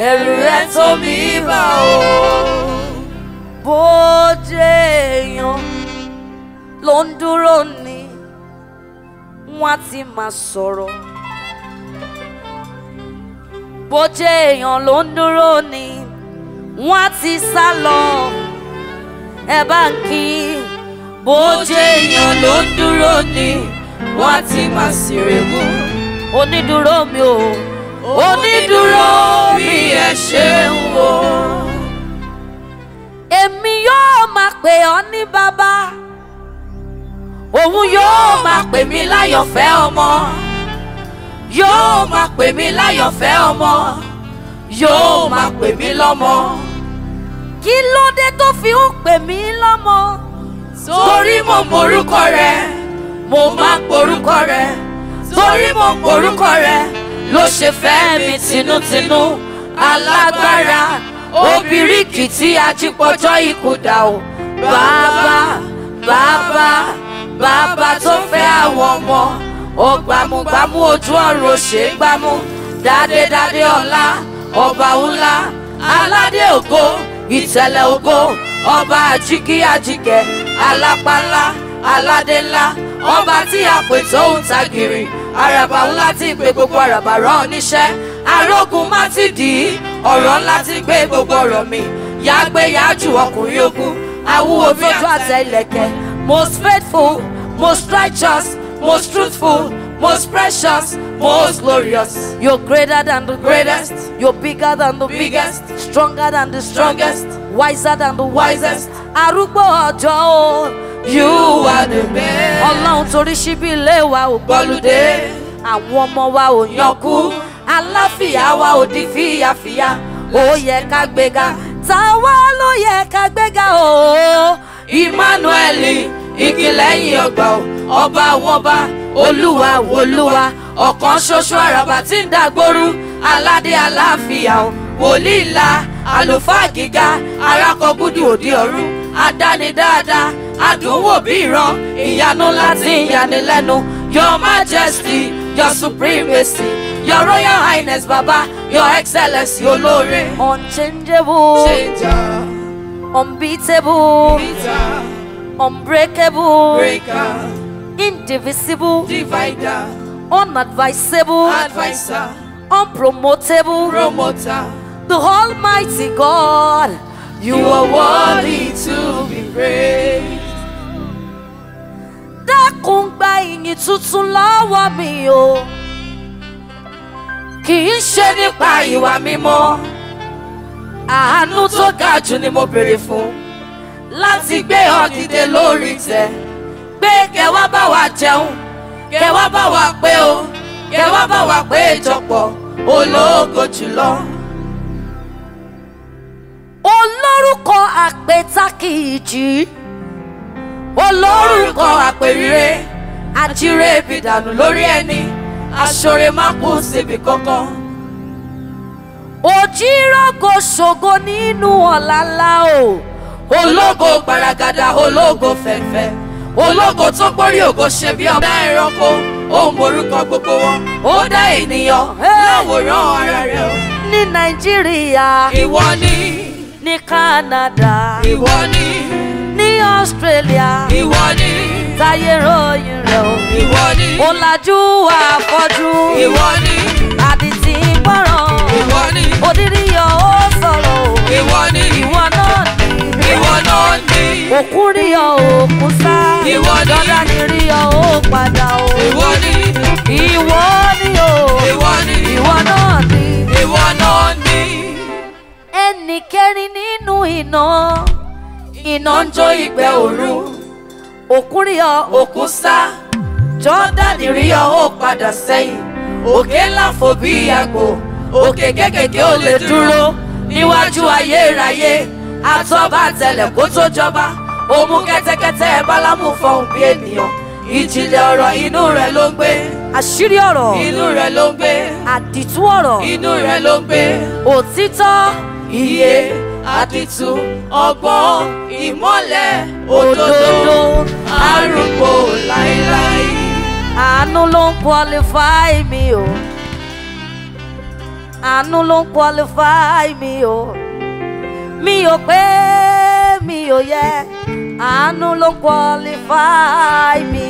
ẹ̀rù rẹ̀ tó mi bá o bóde èèyàn ló ń dúró ni wọ́n á ti máa sọ̀rọ̀ bóde èèyàn ló ń dúró ni wọ́n á ti sá lọ ẹ bá ń kí bóde èèyàn ló ń dúró ni wọ́n á ti máa ṣeré mú onídùúró mi o onídùúró mi ẹ ṣeun o èmi yóò máa pè ọ́ ní bàbá òun yóò máa pè mí láyọ̀fẹ́ ọmọ yóò máa pè mí láyọ̀fẹ́ ọmọ yóò máa pè mí lọ́mọ. kí ló dé tó fi ń pè mí lọ́mọ. torí mo morúkọ rẹ mo máa porúkọ rẹ torí mo porúkọ rẹ ló ṣe fẹ́ mi tinútinú alágbára obìríkìtì ajípọ̀jọ́ ìkúdà o bàbá bàbá bàbá tó fẹ́ àwọn ọmọ ó gbàmúgbàmú ojú ọ̀run òṣè gbámú dádédádé ọlá ọba ńlá aládé ògo ìtẹ̀lẹ̀ ògo ọba àjíkí àjíkẹ́ alápálá aládé ńlá ọba tí a pè tó ń ta gìrì àràbà ńlá tí ìpè gbogbo àràbà rán níṣẹ́ arógun má ti dì í ọ̀rọ̀ ńlá ti gbé gbogbo ọ̀rọ̀ mi yá gbé yá jù ọkùnrin ogun awúwo tó tó àtẹ ìlẹ̀kẹ̀ most faithful most righteous most truthful most precious, most glorious. You're greater than the greatest. You're bigger than the biggest. Stronger than the strongest. Wiser than the wisest. Arúgbó ọjọ́ o. You are the best. Ọlọ́run torí ṣíbí ilé wa ò gbọ́lùdé. Àwọn ọmọ wa ò yànkú aláfíà wa ò di fíyàfíyà ó yẹ ká gbéga táwa ló yẹ ká gbéga o. Emmanuel igi lẹ́yìn ọgbà o ọba àwọn ọba olúwa olúwa ọ̀kan ṣoṣo àràbà tí ń dàgbóru aládé aláfíà o wòlíì ńlá àlùfáà gíga arákọ gúdù òde ọ̀run adáni dáadáa adùnwò bí ìran ìyanu láti ìyanilẹ́nu your majesty your supremacy Your Royal Highness Baba, Your Excellency Olore. Unchangeable, Changer. unbeatable, Beater. unbreakable, Breaker. indivisible, divider, unadvisable, advisor, unpromotable, promoter. The Almighty God, you, you are worthy to be praised. Dákun gba ìyìn tuntun lọ́wọ́ mi o. Oh. kì í ṣe nípa ìwà mímọ́ àánú tó ga jù ni mo béèrè fún láti gbé ọ dìde lórí tẹ́ pé kẹ́ wá bá wa jẹun kẹ́ wá bá wa pé o kẹ́ wá bá wa pé ìjọpọ̀ ológo jùlọ. olórúkọ àpètákìjì olórúkọ àpèrire àjíire bìdànù lórí ẹni aṣọre má kù síbi kankan. òjìrògo ṣògo nínú ọ̀làlá o. ológo gbaragada ológo fẹ̀fẹ̀ ológo tó gbórí ògo ṣe bí ọba ẹranko ó morúkọ gbogbo wọn ó dá ènìyàn láwòrán ara rẹ o. ní nàìjíríà ìwọ ni ní canada ìwọ ni ní australia ìwọ ni táyé ròyìn rẹ̀ o. ìwọ ni. ó lajú àfọ́jú. ìwọ ni. àdìtì ń gbọ́ràn. ìwọ ni. òdìrí yọ ó sọ̀rọ̀ o. ìwọ ni. ìwọ náà ni. ìwọ náà ni. òkú rí ọ òkú sá. ìwọ ni. dọ́là ni rí ọ ó padà o. ìwọ ni. ìwọ ni o. ìwọ ni. ìwọ náà ni. ìwọ náà ni. ẹnì kẹrin nínú iná iná ń jó ìgbẹ́ òru òkú rí ọ òkú sá jọ́dánì rí ọ ó padà sẹ́yìn òkè ńlá fò bí àgbò òkè kékèké ò lè dúró níwájú ayérayé atọ́ba àtẹlẹ̀ kó tó jọba ó mú kẹ́tẹ́kẹ́tẹ́ bálámù fọhùn bí ènìyàn ìjìnlẹ̀ ọ̀rọ̀ inú rẹ̀ ló ń gbé. àṣírí ọ̀rọ̀ inú rẹ̀ ló ń gbé. àdìtú ọ̀rọ̀ inú rẹ̀ ló ń gbé. òtítọ́ iye àdìtú ọgbọ́n ìmọ́lẹ̀ òdodo arúgbó láíláí. àánú ló ń qualify mi o àánú ló ń qualify mi o mi ò pé mi ò yẹ àánú ló ń qualify mi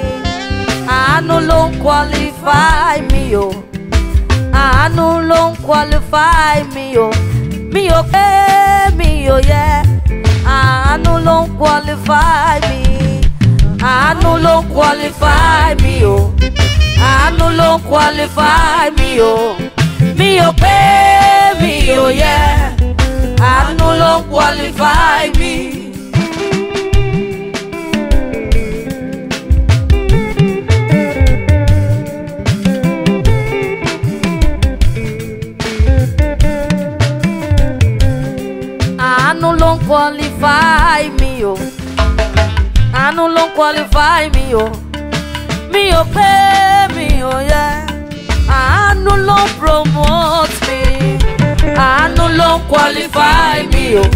àánú ló ń qualify mi o àánú ló ń qualify mi o mi ò pé. Oh yeah, I no long qualify me. I no long qualify me. Oh, I no long qualify me. Oh, me ò pé Oh yeah, I no long qualify me. qualify me, oh! I ló ń qualify me, oh! Me, oh, pay me, oh, yeah! I ló ń promote me. I ló ń qualify me, oh!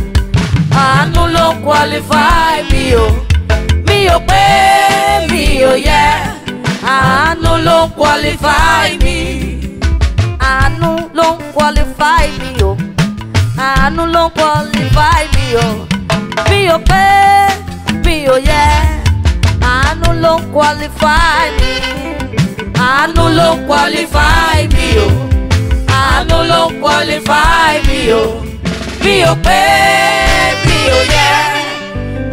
I ló ń qualify me, oh! Me, oh, pay me, oh, yeah! I ló ń qualify me. I ló ń qualify me, oh! àánú ló ń qualify mi o mi ò pé mi ò yẹ àánú ló ń qualify mi àánú ló ń qualify mi o àánú ló ń qualify mi o mi ò pé mi ò yẹ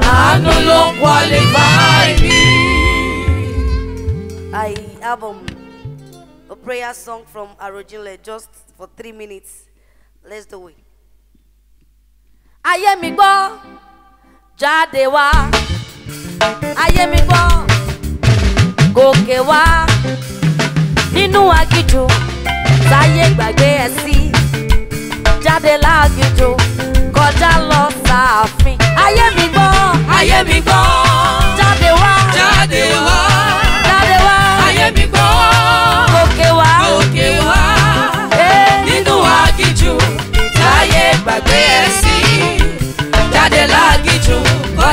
àánú ló ń qualify mi. I album a prayer song from Arojinle just for three minutes. Let's do it ayé mi gbọ́ jáde wá ayé mi gbọ́ gòkè wá nínú agíjù táyé gbàgbé ẹ sí jáde lágíjù kọjá lọ sáàfin ayé mi gbọ́ ayé mi gbọ́ jáde wá jáde wá.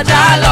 Dale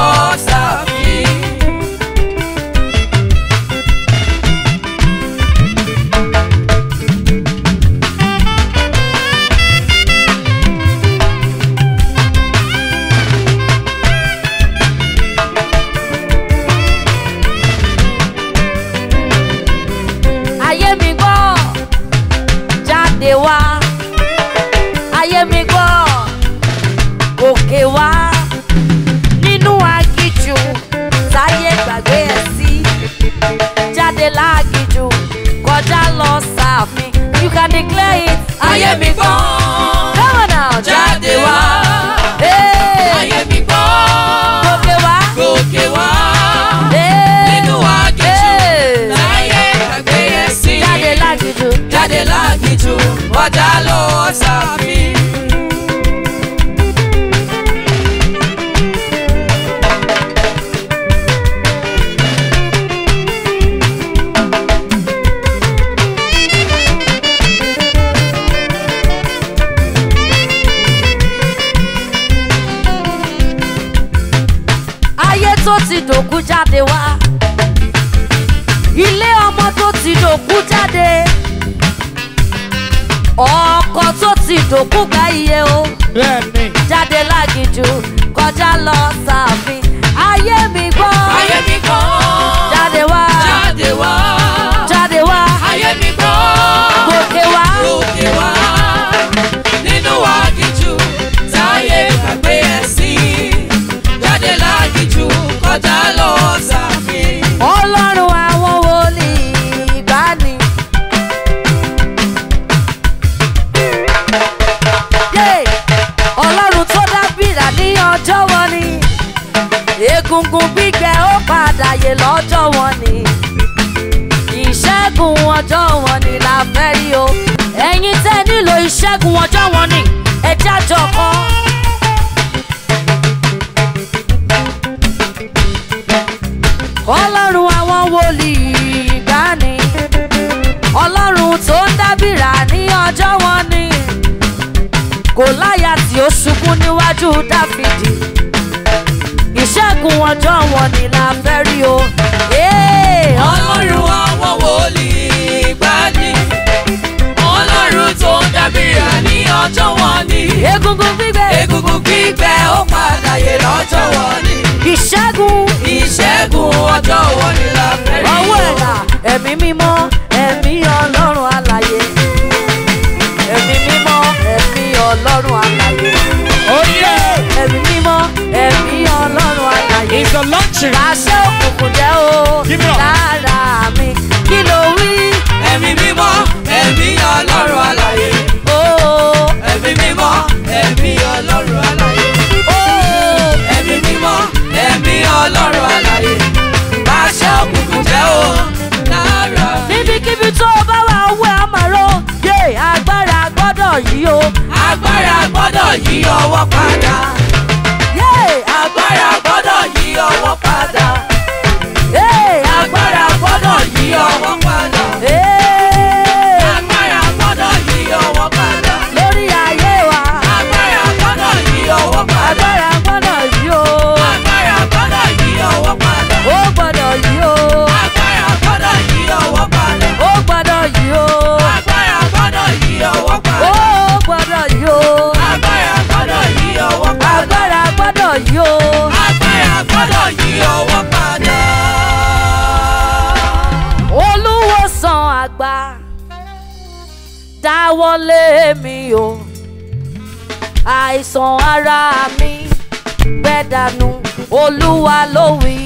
olúwa ló wí.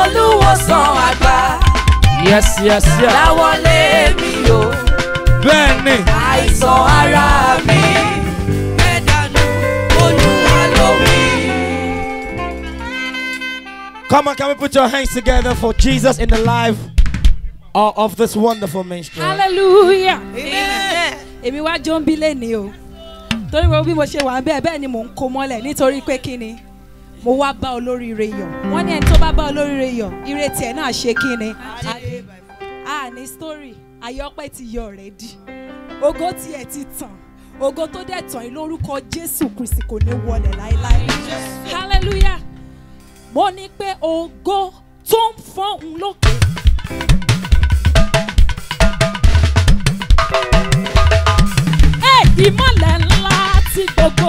olúwòsàn àgbà. yes yes yes. dáwọ́lé mi o. bẹ́ẹ̀ ni. àìsàn ara mi. mẹ́dánù Come on, can we put your hands together for Jesus in the life of this wonderful ministry? Hallelujah. Amen. Èmi wá jó ń bí lé ní o. Torí wo bí mo ṣe wà bẹ́ẹ̀ bẹ́ẹ̀ ni mò ń kó mọ́lẹ̀ nítorí pé kí ni? mo wá bá olóríire yọ̀ wọ́n ní ẹni tó bá bá olóríire yọ̀ ire tiẹ̀ náà ṣe kí ni a ní story ayọ́pẹ́ ti yọ rẹ̀ di ògo tiẹ̀ ti tàn ògo tó dẹ̀ tàn yín lórúkọ Jésù Kristi kò ní wọlẹ̀ láéláé hallelujah mo ní pé ògo tó ń fọ́hùn lókè. ìmọ̀lẹ̀ ńlá ti gbogbo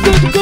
Go go.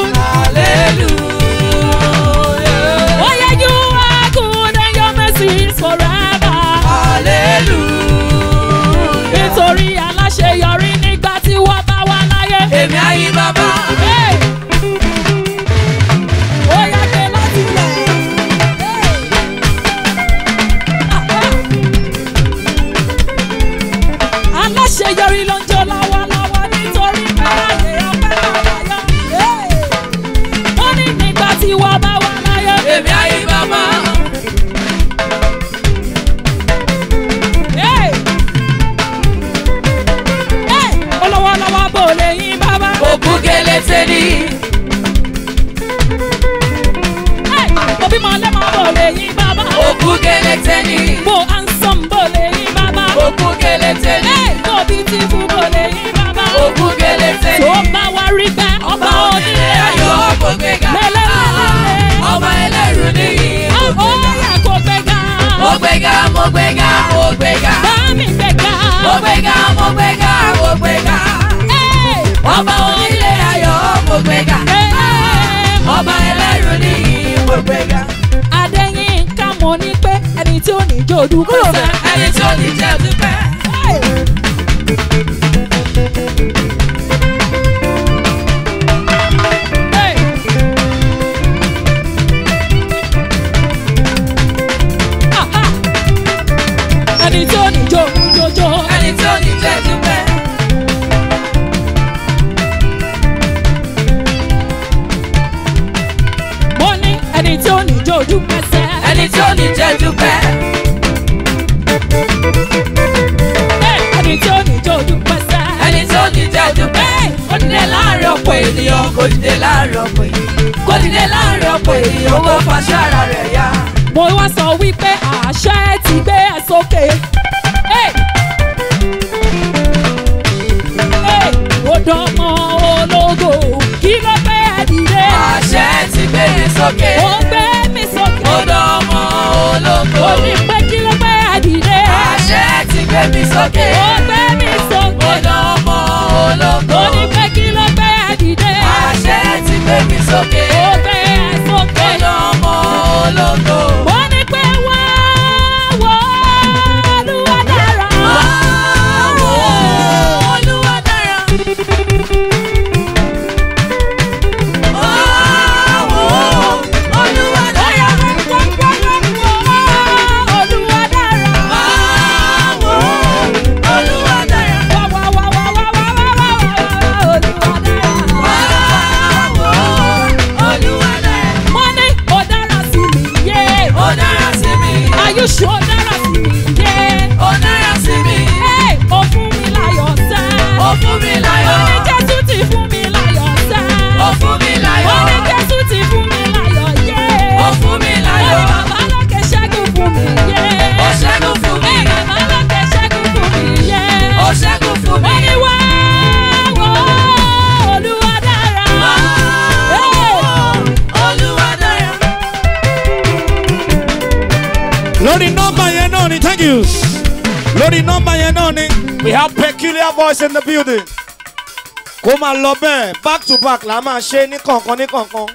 máa lọ bẹ́ẹ̀ back to back la máa ṣe ní kọ̀ọ̀kan ní kọ̀ọ̀kan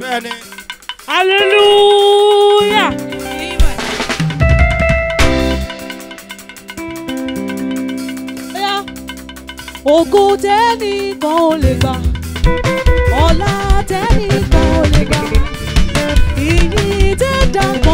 bẹ́ẹ̀ ni. hallelujah. ògo tẹ́nìkan ò lè gbà ọlá tẹ́nìkan ò lè gbà ìyìn tẹ́ dáná.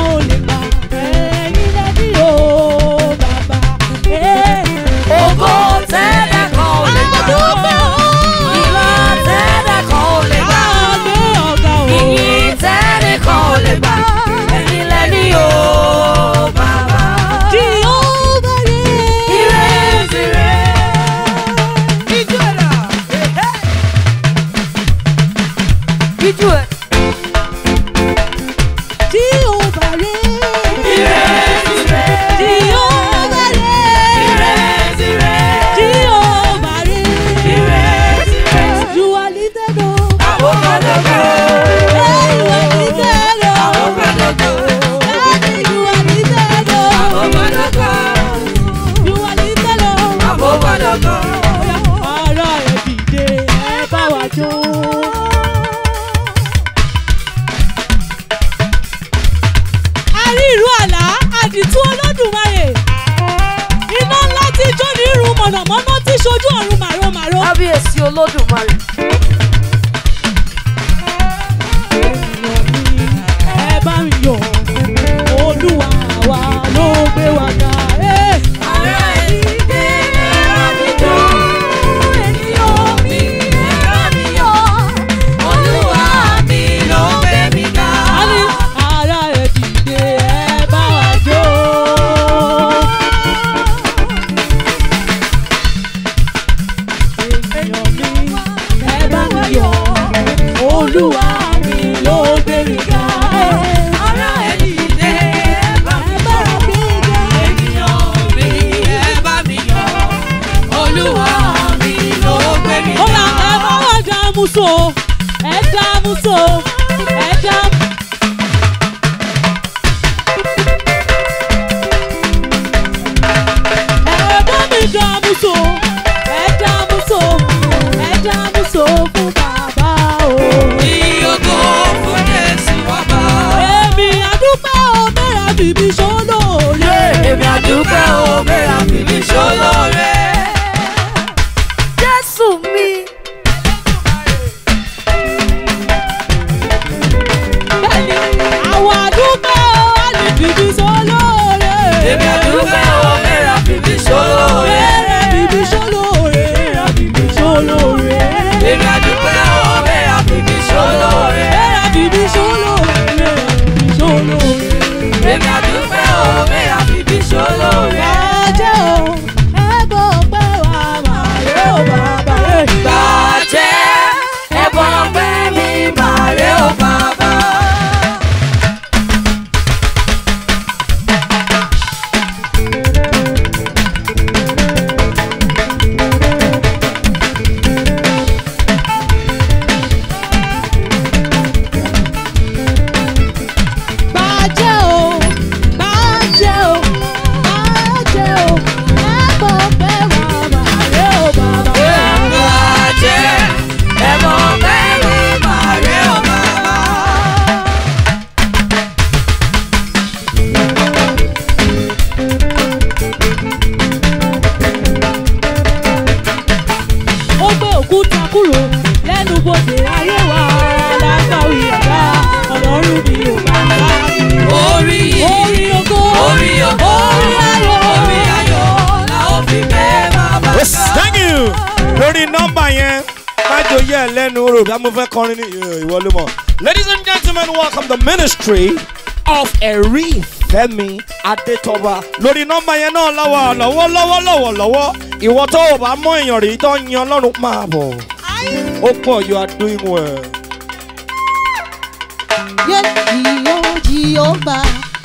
lẹ́nu rò bí a mú fẹ́ kọrin ní eh, ìwọ ló mọ̀. Ladies and gentlemen, welcome to ministry of Ẹ̀rí Fẹ́mi Adétọ́ba. Lórí nọ́mbà yẹn náà lọ́wọ́ lọ́wọ́ lọ́wọ́ lọ́wọ́ lọ́wọ́ ìwọ tó o bá mọ èèyàn rí tó yan Ọlọ́run máa bọ̀. Ó pọ̀ you are doing well. Yé ìyó Jèhófà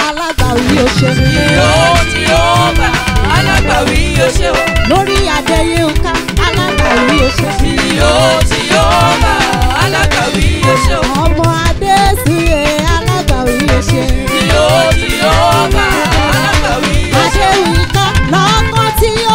alágbàwí òṣèré. Ìyó Jèhófà alágbàwí yóò ṣe o. lórí adẹ́yẹ ńká alágbàwí yóò ṣe. tí yóò tí yóò bá alágbàwí yóò ṣe o. ọmọ adé sí e alágbàwí yóò tí yóò tí yóò bá alágbàwí yóò àṣẹ ìka lọ́kọ́ tí yóò.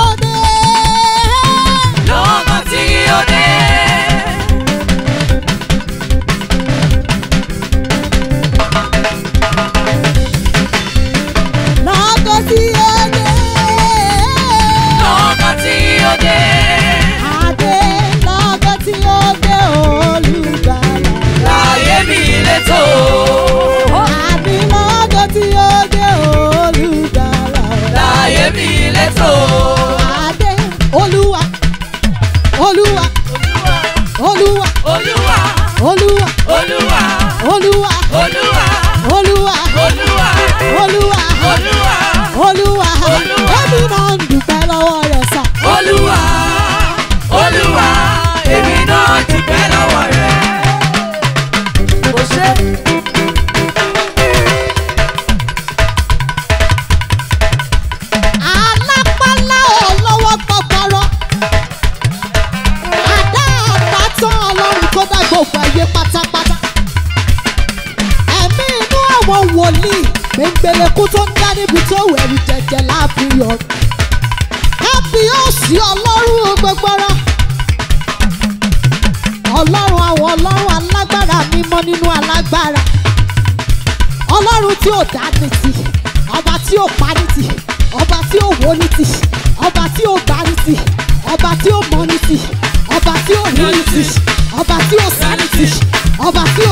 ṣètò. àbí lọ́jọ́ tí ó dé olùgbàlà. láyé mi létò. àdé olúwa olúwa olúwa olúwa olúwa olúwa olúwa olúwa. Lord. Happy ọ̀sìn ọlọ́run gbogbo ara. Ọlọ́run àwọn ọlọ́run alágbára mímọ́ nínú alágbára. Ọlọ́run tí ò dá ní ti, ọba tí ò pa ní ti, ọba tí ò wó ní ti, ọba tí ò gbá ní ti, ọba tí ò mọ ní ti, ọba tí ò rí ní ti, ọba tí ò sá ní ti, ọba tí ò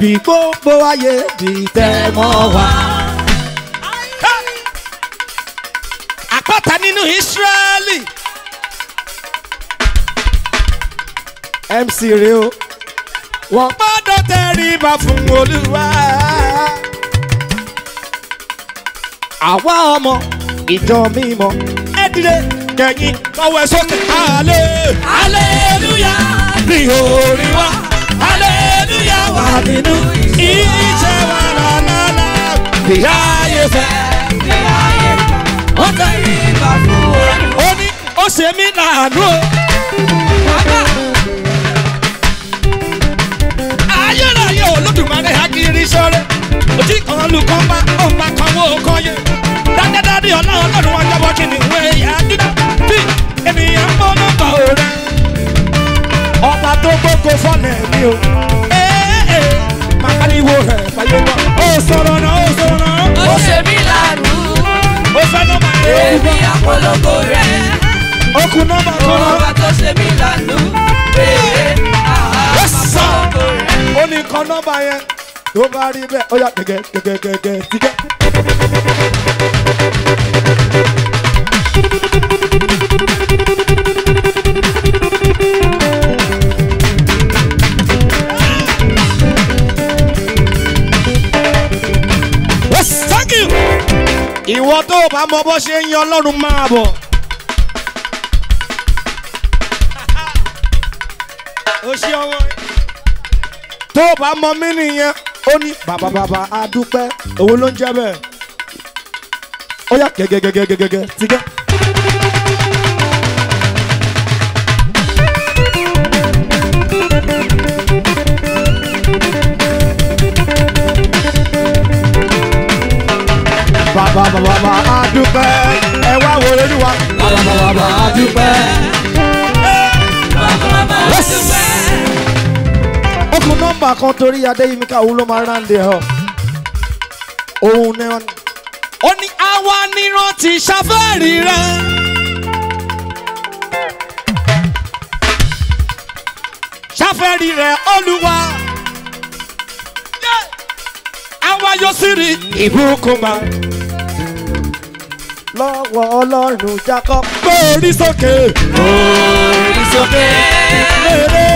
bí kóńbó ayé dìtẹ̀ mọ́ wa. àpáta nínú Ísírẹ́lì. MC Rio. o wọ́n gbọ́dọ̀ tẹríba fún Olúwa. àwa ọmọ ìjọ mímọ́ ẹ dìde kẹ̀yìn lọ́wọ́ ẹ sókè. alẹ́ alẹ́ lúyà orí wa wà nínú iṣẹ́ wa lọ́nà náà. Ìyá ayé fẹ́. Ìyá ayé fẹ́. Ó tẹ̀lé ìgbà fún wa. Ó ní ó ṣe mí láàánú o. Bàbá. Ayérayé Olódùmarè Akiri sọ́rẹ́. Òjì kan lu kan bá ọ̀ma kan wó kan yẹ. Dájúdájú ọ̀la ọlọ́run wọn jábọ̀ kí ni ìwé ìyá dídá. Bí ènìyàn ń bọ́ nọ́mbà òòrẹ́. Ọba tó gbógo fọ́lẹ̀ mi o pariwo rẹ̀ fàyè wá. ó sọ̀rọ̀ náà ó sọ̀rọ̀ náà. ó ṣe mí lànú. ó fẹ́ nọ́mbà rẹ̀. èmi àpolongo rẹ̀. ó kun nọ́mbà tó lọ. ọba tó ṣe mí lànú. ee àpolongo rẹ̀. ó ní kan nọ́mbà yẹn tó bá rí bẹ́ẹ̀ ó yà gẹ́gẹ́ gẹ́gẹ́ gẹ́gẹ́ gẹ́gẹ́. ìwọ tó o bá mọ bó ṣe ń yan ọlọ́run máa bọ̀. ó ṣe ọmọ tó o bá mọ mí nìyẹn ó ní bàbá bàbá a dúpẹ́ òun ló ń jẹ́ bẹ́ẹ̀ ó yá gẹ́gẹ́gẹ́gẹ́gẹ́gẹ́ ti gẹ́. bàbá bàbá adupe, àdúpẹ́ ẹ wo olúwa. bàbá bàbá bàbá adupe. bàbá bàbá àdúpẹ́. ọkùn nọ́mbà kan torí adéyínká òun ló máa rán lè ọ òun ni wọn. ó ní àwa nírántí ṣàfẹ́rì rẹ. ṣàfẹ́rì rẹ olúwa àwa yóò sì rí ìbùkún máa lọ́wọ́ ọlọ́run Jacob. gbórí sókè. gbórí sókè. rere.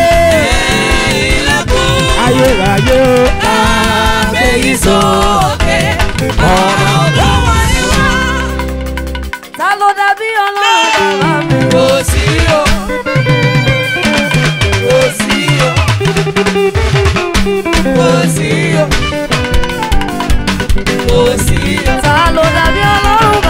ìlọ́kùn. ayérayé o. àgbẹ̀yìn sókè. ọ̀nà ọlọ́wọ́ ni wá. ta ló dàbí ọlọ́run bàbá mi. kò sí o. kò sí o. kò sí o. kò sí o. ta ló dàbí ọlọ́run bàbá mi.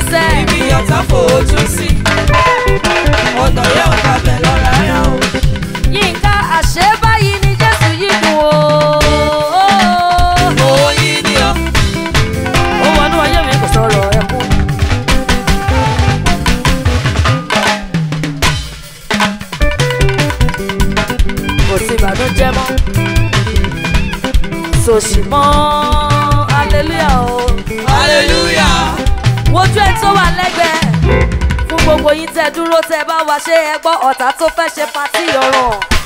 ṣiṣẹ́. ibi ọ̀tá fojú sí ọ̀nà yẹn ò dúró tẹ bá wa ṣe ẹgbọ́ ọ̀tá tó fẹ́ ṣe patí ọ̀ràn.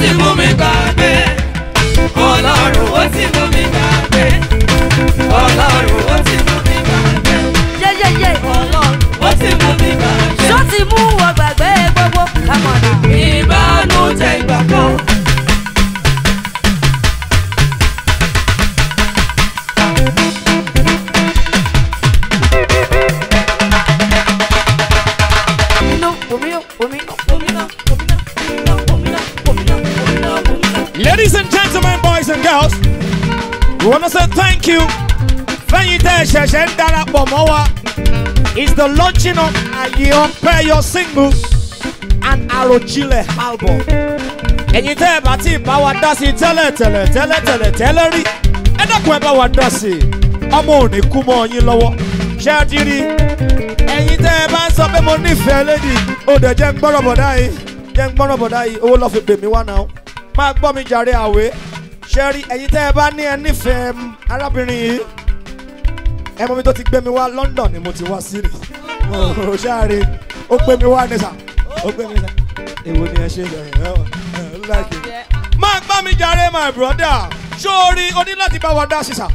se movimentar. you fẹ́yìn tẹ́ ẹ ṣẹ̀ṣẹ̀ ń darapọ̀ mọ́ wa is the launching of Ayinpe your singles and Arojinlẹ̀ album ẹ̀yin tẹ́ ẹ bá ti bá wa dá sí tẹ́lẹ̀ tẹ́lẹ̀ tẹ́lẹ̀ tẹ́lẹ̀ tẹ́lẹ̀ rí ẹ dẹ́kun ẹ bá wa dá sí ọmọ òní kú mọ́ yín lọ́wọ́ ṣé ẹ ti rí ẹ̀yin tẹ́ ẹ bá ń sọ pé mo nífẹ̀ẹ́ lẹ́dí ó dẹ̀ jẹ́ ń gbọ́rọ̀ bọ̀dá yìí jẹ́ ń gbọ́rọ̀ bọ̀dá yìí owó lọ́ọ́ fi pè mí wá náà máa gbọ́ mi jàre àwẹ̀ ṣẹ́rí ẹ̀yin tẹ́ ẹ bá ní ẹ nífẹ̀ẹ́ arábìnrin yìí ẹ mọ̀ mi tó ti gbé mi wá London ni mo ti wá sí rè o oh. ṣáàrin ó gbé mi wá ní sà ó gbé mi sà èwo ni ẹ ṣe it. máa gbá mi jàre my brother sórí o ní láti bá wa dá sí sà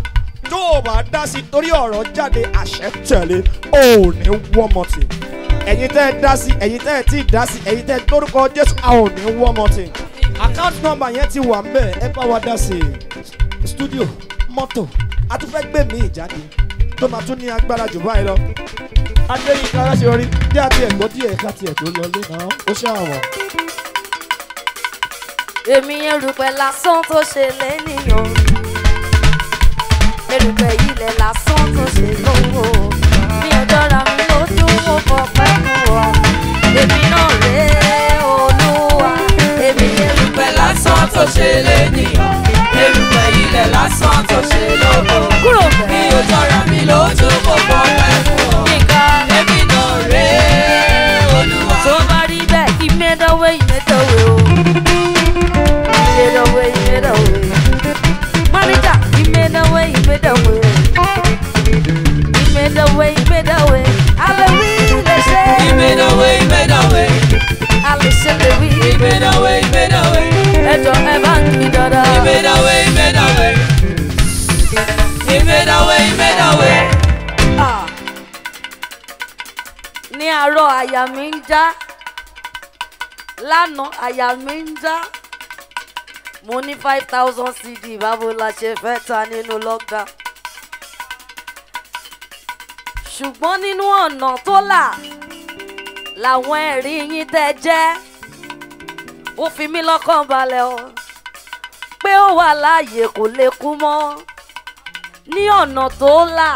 tó o bá dá sí torí ọ̀rọ̀ jáde àṣẹ tẹ̀lé o ò ní wọ́mọ tì ẹ̀yin tẹ́ ẹ dá sí ẹ̀yin tẹ́ ẹ tí ì dá sí ẹ̀yin tẹ́ ẹ lórúkọ Jésù a ò ní wọ́mọ tì account number yẹn ti wà mbẹ ẹ bá wa dá sí i studio mọ́tò a tún fẹ́ gbé mi ìjáde tó máa tún ní agbára jù báyìí lọ. adéyínká aláṣẹ orí dí àti ẹ̀gbọ́n díẹ̀ ká tiẹ̀ tó náà ó ṣàwọ̀. èmi erùpẹ̀ lásán tó ṣe lẹ́nìyàn erùpẹ̀ ilẹ̀ lásán tó ṣe lówó mi ò dọ́ra mi lójú mo fọ pẹ́ fún ọ èmi náà. ṣe lẹ́nìyàn erùpẹ̀ ilẹ̀ lásán tó ṣe lóko mi ò tọrọ mi lójú kò pọ̀ pẹ́ fún ọ èmi náà rèé olúwa. tó bá rí bẹ́ẹ̀ ìmẹ́dọ̀wé ìmẹ́dọ̀wé o ìmẹ́dọ̀wé ìmẹ́dọ̀wé mọ́níjà ìmẹ́dọ̀wé ìmẹ́dọ̀wé ìmẹ́dọ̀wé ìmẹ́dọ̀wé abẹ́wí lè ṣe. ìmẹ́dọ̀wé ìmẹ́dọ̀wé. I listen to we. We made our way, made our way ẹjọ ẹ bá ń dada. He made a way, he made a way. He made a way, he made a way. Ah. Ní àárọ̀ àyà mi ń já, lánàá àyà mi ń já. Mo ní five thousand CD báwo la ṣe fẹ́ ta nínú lockdown. Ṣùgbọ́n nínú ọ̀nà tó là làwọn ẹ̀rí yín tẹ́ jẹ́ ó fi mí lọ́kàn balẹ̀ o pé ó wà láàyè kò lè kú mọ́ ní ọ̀nà tó là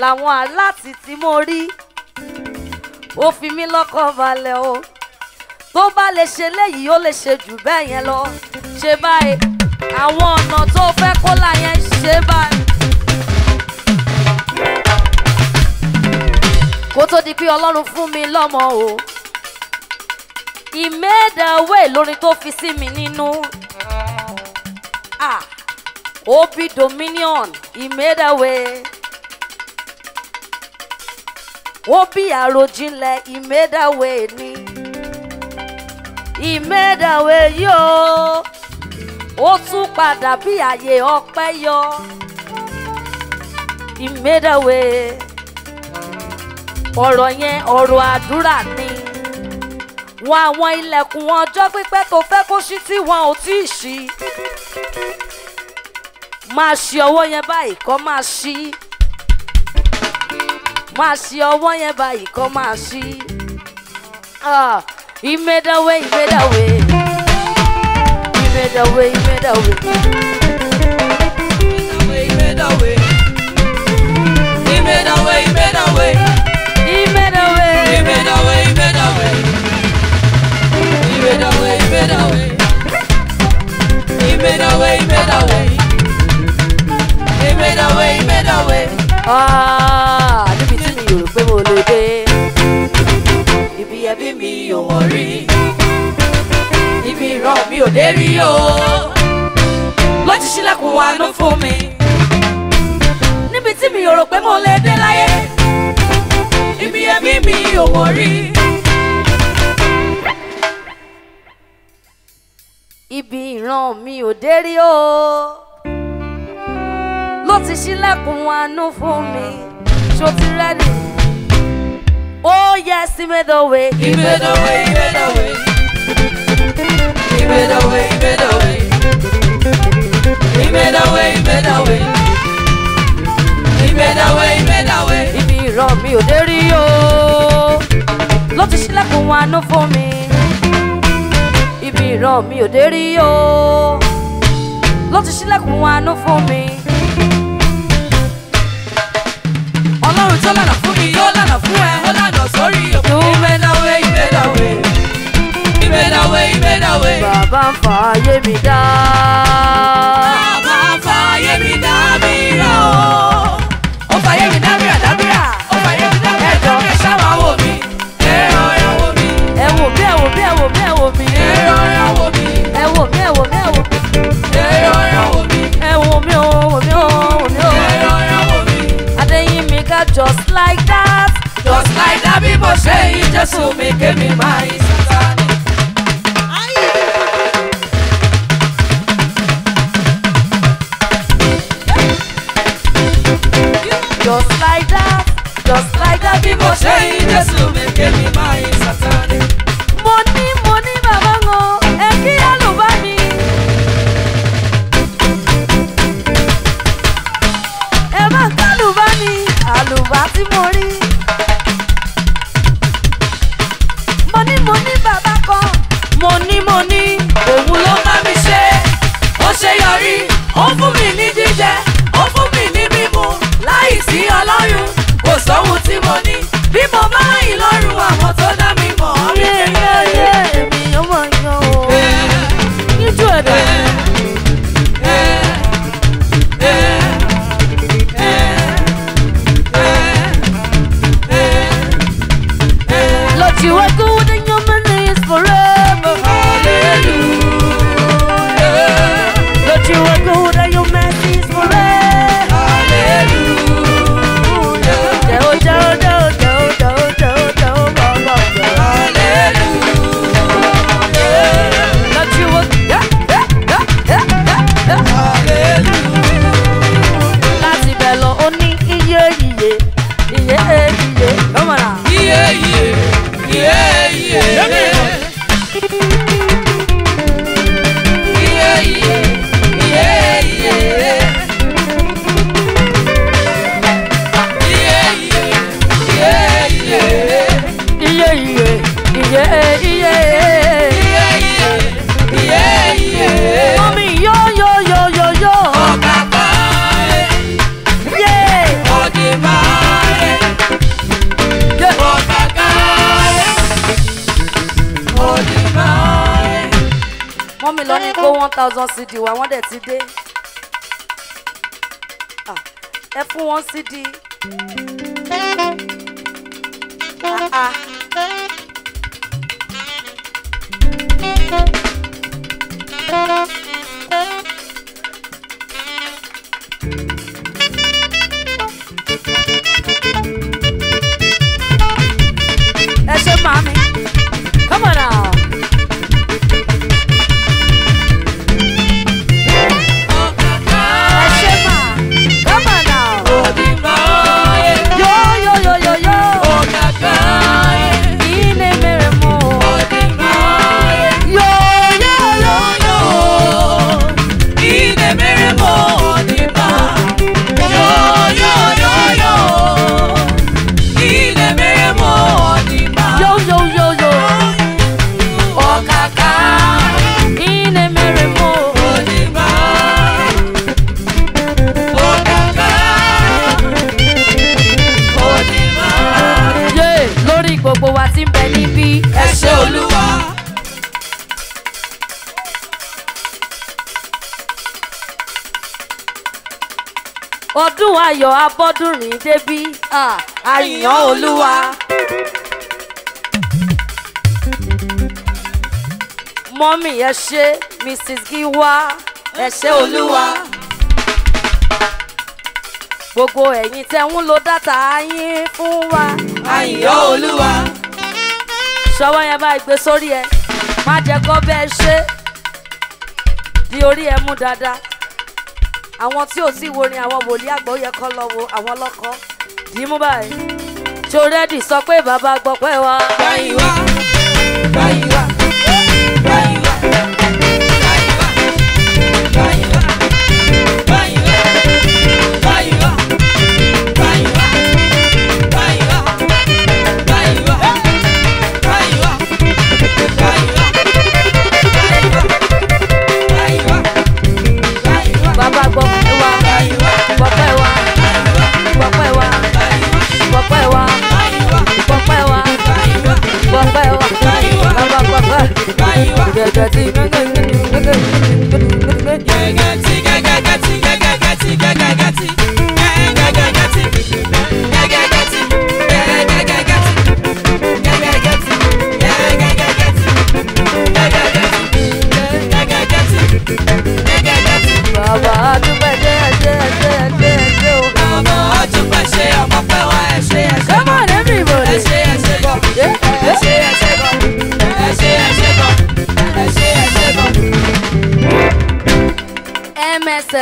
làwọn aláàtì tí mo rí ó fi mí lọ́kàn balẹ̀ o tó bá lè ṣe léyìí ó lè ṣe jù bẹ́ẹ̀ yẹn lọ ṣe báyìí àwọn ọ̀nà tó fẹ́ kó là yẹn ṣe báyìí. kó tó di pé ọlọ́run fún mi lọ́mọ o he made a way lórin tó fi sí mi nínú. Ah, Obi Dominion, he made a way. Obi Àròjinlẹ̀, he made a way ni. He made a way yo. Ó tún padà bí àyè ọpẹ́ yọ. He made a way. Ọ̀rọ̀ yẹn ọ̀rọ̀ àdúrà ni wọ àwọn ilẹ̀kùn ọjọ́ pípẹ́ tó fẹ́ kó ṣí tí wọn ò tí ì ṣí máa ṣí ọwọ́ yẹn báyìí kó máa ṣí máa ṣí ọwọ́ yẹn báyìí kó máa ṣí ah, he made a way he made a way he made a way he made a way. He made a way, he made a way. he made a way. He made a way, he made a way. He made a way, Ah, níbi tí mi ò rò Ibi ẹbí mi ò wọ̀n Ibi ìran mi ò dé rí o. Ló ti ṣílẹ̀kùn wa mi. Níbi tí mi Ibi ẹbí mi ibi ìran mi ò dé rí o ló ti ṣílẹ̀kùn àánú fún mi ṣó ti rẹ́dì. Oh yes, he made a way. He made a way, he made a He made a he made a He made a he made a way. He made a way, he made a way. Ibi ìran mi ò dé rí o. Ló ti ṣílẹ̀kùn àánú fún mi ibi ìran me ò dé rí Lord, she like ṣílẹ̀kùn àánú fún mi. ọlọ́run tó lànà fún mi yóò lànà fún ẹ ó lànà sórí òkú. you made a way you made a way you made a way you made a way. bàbá fa ayé mi da. Baba, ń fa ayé mi da, mi rán o. àìdá bí mo ṣe yí jésù mi kémi máa yí just like that just like that bí mo ṣe yí jésù mi kémi máa yí sátánì. mo ní mo ní bàbá wọn ẹ city. ẹ Mrs. Giwa ẹ ṣé olúwa gbogbo ẹ̀yin tẹ́ ń lo dátà yín fún wa. àyìnbó olúwa. ṣọwọ́ yẹn bá gbé sórí ẹ má jẹ́ kó bẹ́ẹ̀ ṣe di orí ẹ mú dáadáa àwọn tí ò sí wo ni àwọn wòlíì àgbà ó yẹ kó lọ wo àwọn ọlọ́kọ́ dì mú báyìí tí rẹ́dì sọ pé bàbá gbọ́ pẹ́ wá. báyìí wá báyìí.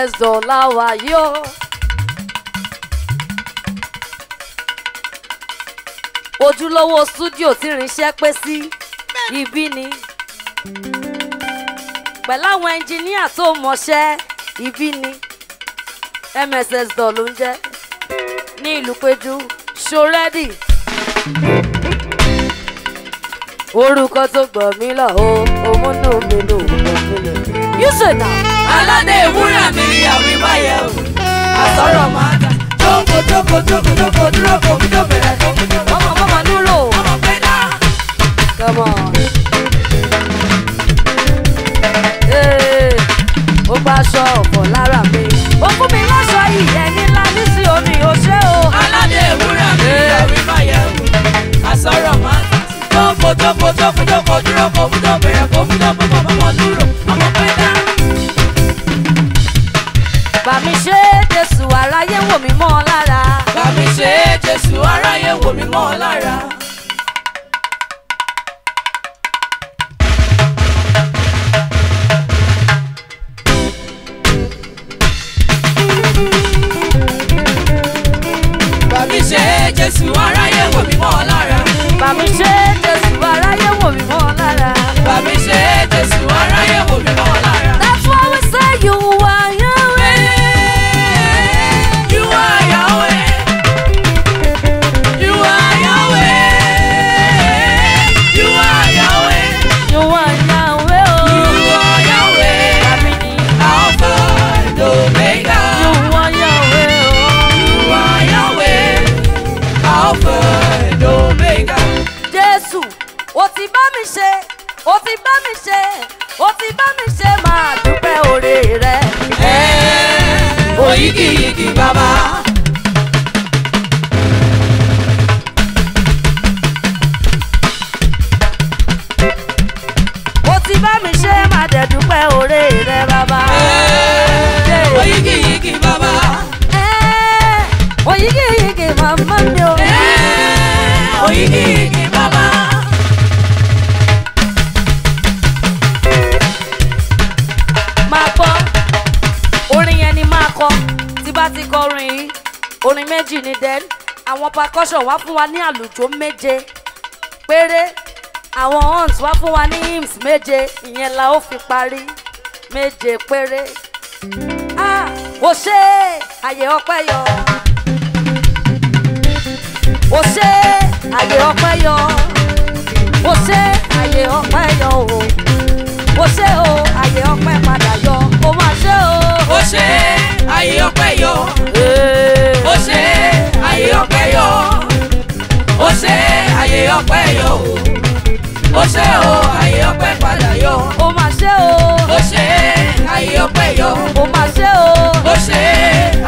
President la yo, yìí o. ojúlówó stúdíò tí irinṣẹ́ pé sí ibi ni pẹ̀lú àwọn ẹnjìníà tó mọṣẹ́ ibi ni mss dọ̀ ló ń jẹ́ ní ìlú péjú ṣorẹ́dì orúkọ tó gbọ̀ mí lọ o òmùnú mi ló gbọ̀ lọ. you say na aládé ìwúrà mi àwíwáyẹ o àsọ̀rọ̀ máa dà. jókòó jókòó jókòó jókòó dúró kò kí tó bẹ̀rẹ̀ kò kí tó bẹ̀rẹ̀. ọmọ mọ́mọ́ lúrò. ọmọ pẹ́ dá. come on. ó bá aṣọ ọ̀pọ̀ lára mi. ó fún mi lọ́sọ̀ọ́ yìí ẹni ńlá nísìnyí ó ní o. aládé ìwúrà mi àwíwáyẹ o àsọ̀rọ̀ máa dà. jókòó jókòó jókòó jókòó dúró kò kí tó bẹ̀rẹ̀ kò kí tó bẹ̀rẹ̀ omi mọ́ ọ lára. bàbí ṣe jésù aráyé wò mí mọ́ ọ lára. bàbí ṣe jésù aráyé wò mí mọ́ ọ lára. bàbí ṣe jésù aráyé wò mí mọ́ lára. ti bá mi ṣe ó ti bá mi ṣe máa dúpẹ́ oore rẹ. ẹ ò yíkìyíkì ti bá mi ṣe máa dẹ̀ dúpẹ́ oore rẹ bàbá. ẹ ò yíkìyíkì bàbá. mi o. ẹ orin méjì ni then àwọn percussion wá fún wa ní àlùjó méje péré àwọn horns wá fún wa ní hymns méje ìyẹn la ó fi parí méje péré. ah o ṣe àyè ọpẹ́ yọ o ṣe àyè ọpẹ́ yọ o ṣe àyè ọpẹ́ yọ o o ṣe o àyè ọpẹ́ padà yọ o máa ṣe o. o àyè ọpẹ́ yọ. Hey. Eh. Ose ṣe ayé ọpẹ́ yọ ó ṣe ayé ọpẹ́ o ayé ope padà yo, ó mà ṣe o Ose ṣe ayé ọpẹ́ yọ ó mà o Ose ṣe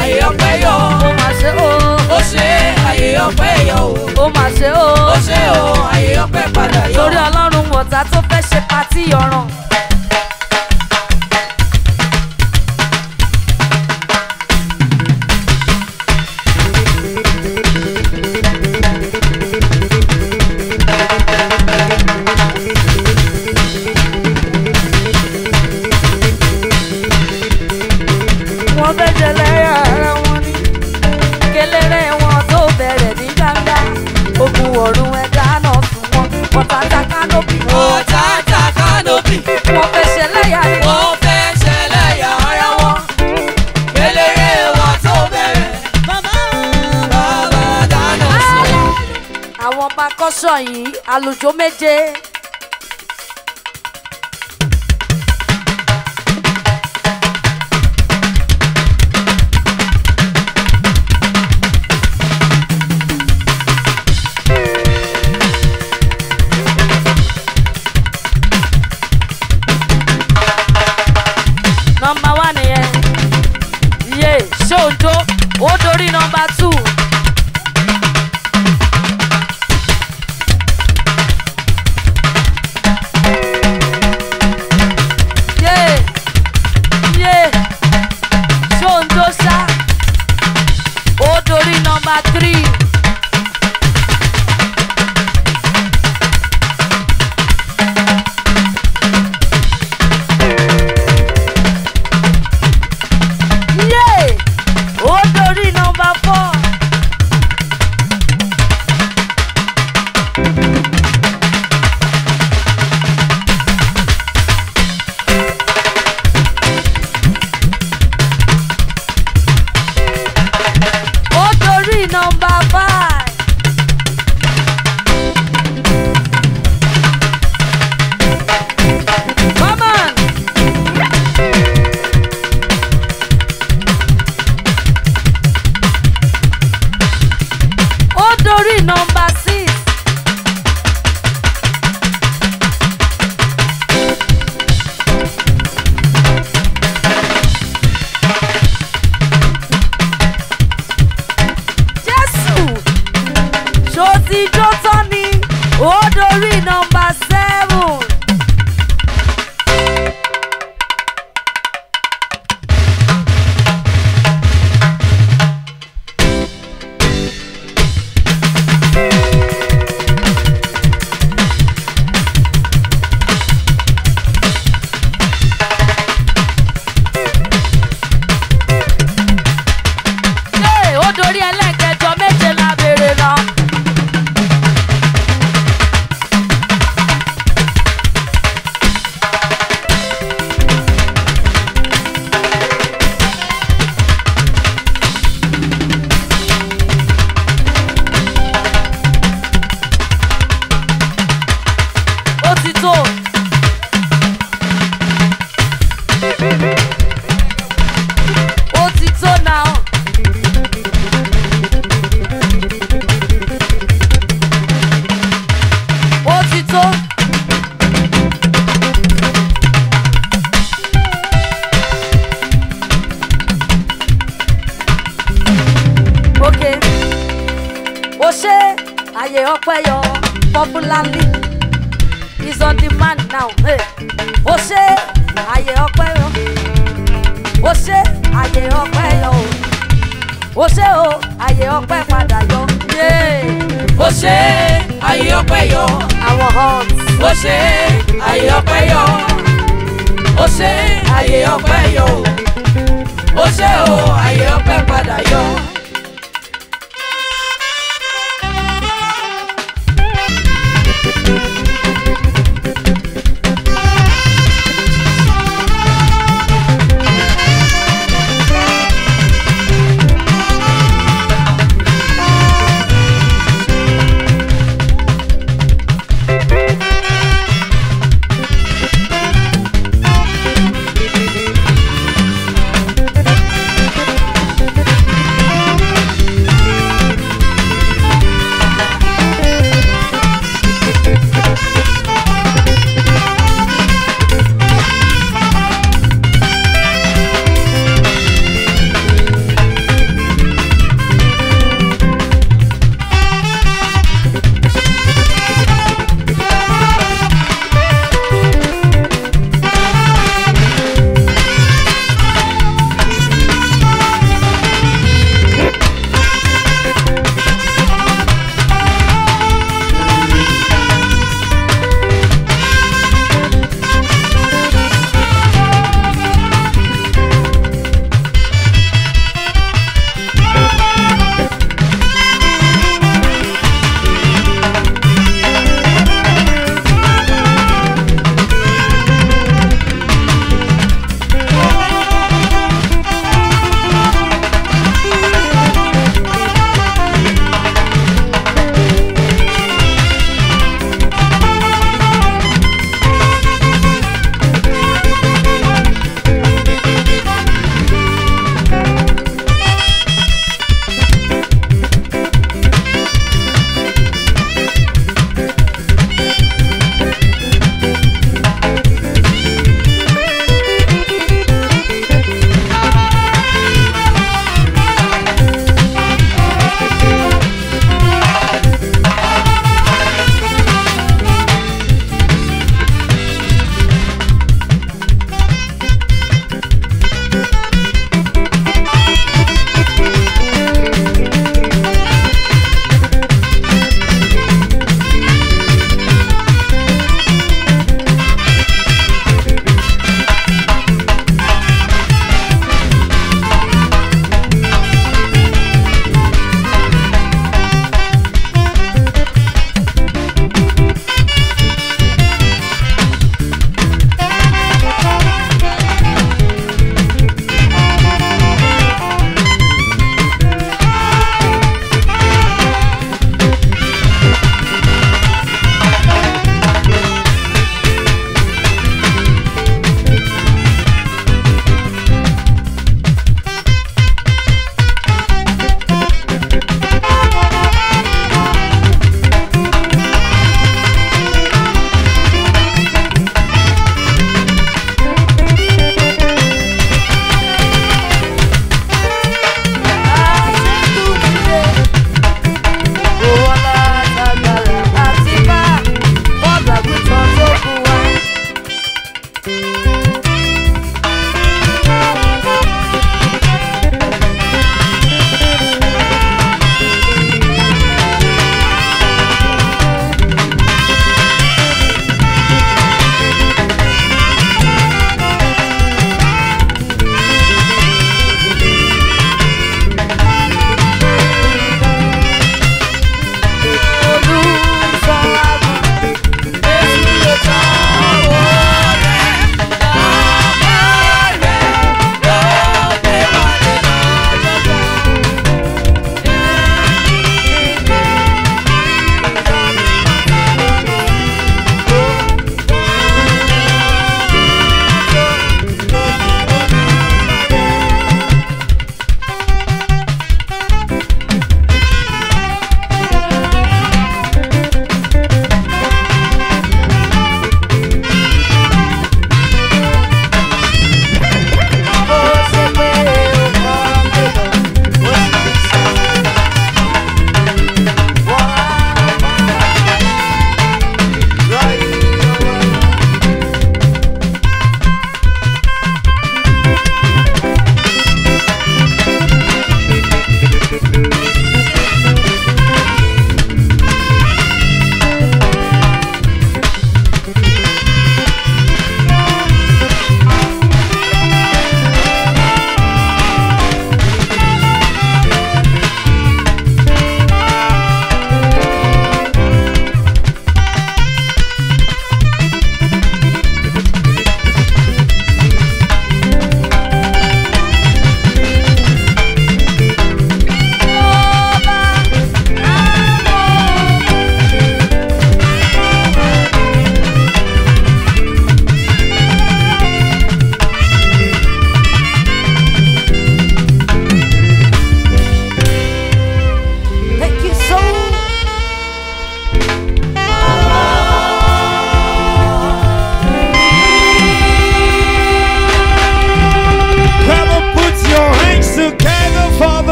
ayé ọpẹ́ yọ ó mà o Ose ṣe ayé ọpẹ́ yọ ó mà o Ose o ayé ope padà yo. torí ọlọ́run ọ̀tá tó fẹ́ ṣe patí ọ̀ràn. ọ̀tàtà kánópì. ọ̀tàtà kánópì. wọ́n fẹ́ ṣẹlẹ́yà ni. wọ́n fẹ́ ṣẹlẹ́yà ara wọn. eléré wọn tó bẹ̀rẹ̀. bàbá bàbá dáná sọ. àwọn ọba kọ́sọ̀ yìí àlùjọ méje.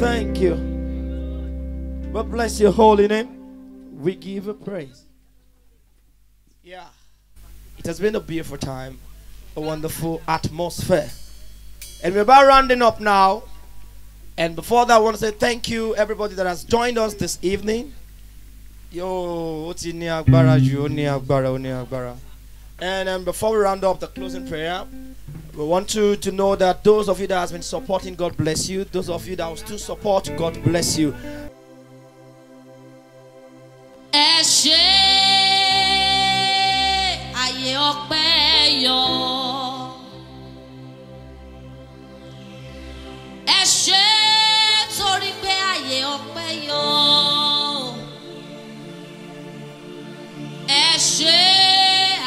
Thank you. But bless your holy name. We give a praise. Yeah. It has been a beautiful time, a wonderful atmosphere. And we're about rounding up now. And before that, I want to say thank you, everybody that has joined us this evening. Yo, what's in Agbara? You, Agbara, Agbara. And um, before we round up the closing prayer, we want you to know that those of you that has been supporting, God bless you. Those of you that will still support, God bless you. Ẹ ṣe àyè ọpẹ́ yọ. Ẹ ṣe torí pé àyè ọpẹ́ yọ. Ẹ ṣe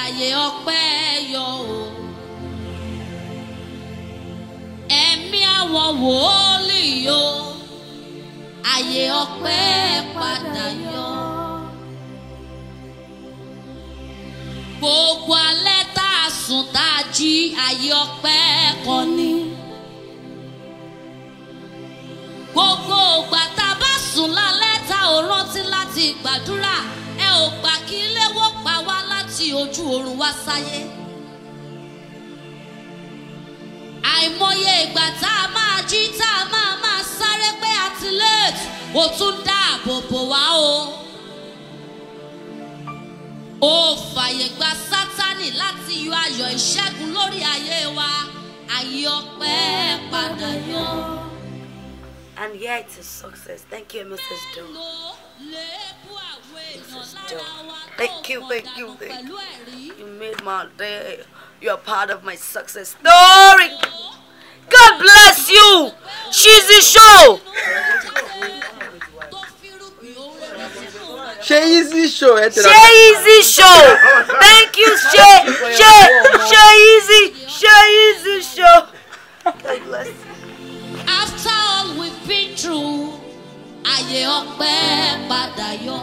àyè ọpẹ́ yọ lọ́wọ́ wòlíì o àyè ọpẹ́ padà yọ. gbogbo alẹ́ tá a sùn tá a jí àyè ọpẹ́ kan ní. gbogbo ògbà tá a bá sùn lálẹ́ tá ò rántí láti gbàdúrà ẹ ò gbà kí ilé wó wá láti ojú oorun wá sáyé àìmọye ìgbà tá a máa jí tá a máa máa sáré pé àti late ó tún dáàbò bò wá o. ó fàyè gba sátánì láti yọ ayọ̀ ìṣẹ́gun lórí ayé wa ayé ọpẹ́ padà yọ. And here it is success. Thank you, Mrs. Doe. This is dope. Thank you, thank you, thank you. You made my day. You're part of my success story. God bless you. She's the show. She is the show. She is the show. Thank you, She She she is the show. God bless. After all we've been through. àyè ọpẹ́ padà yọ.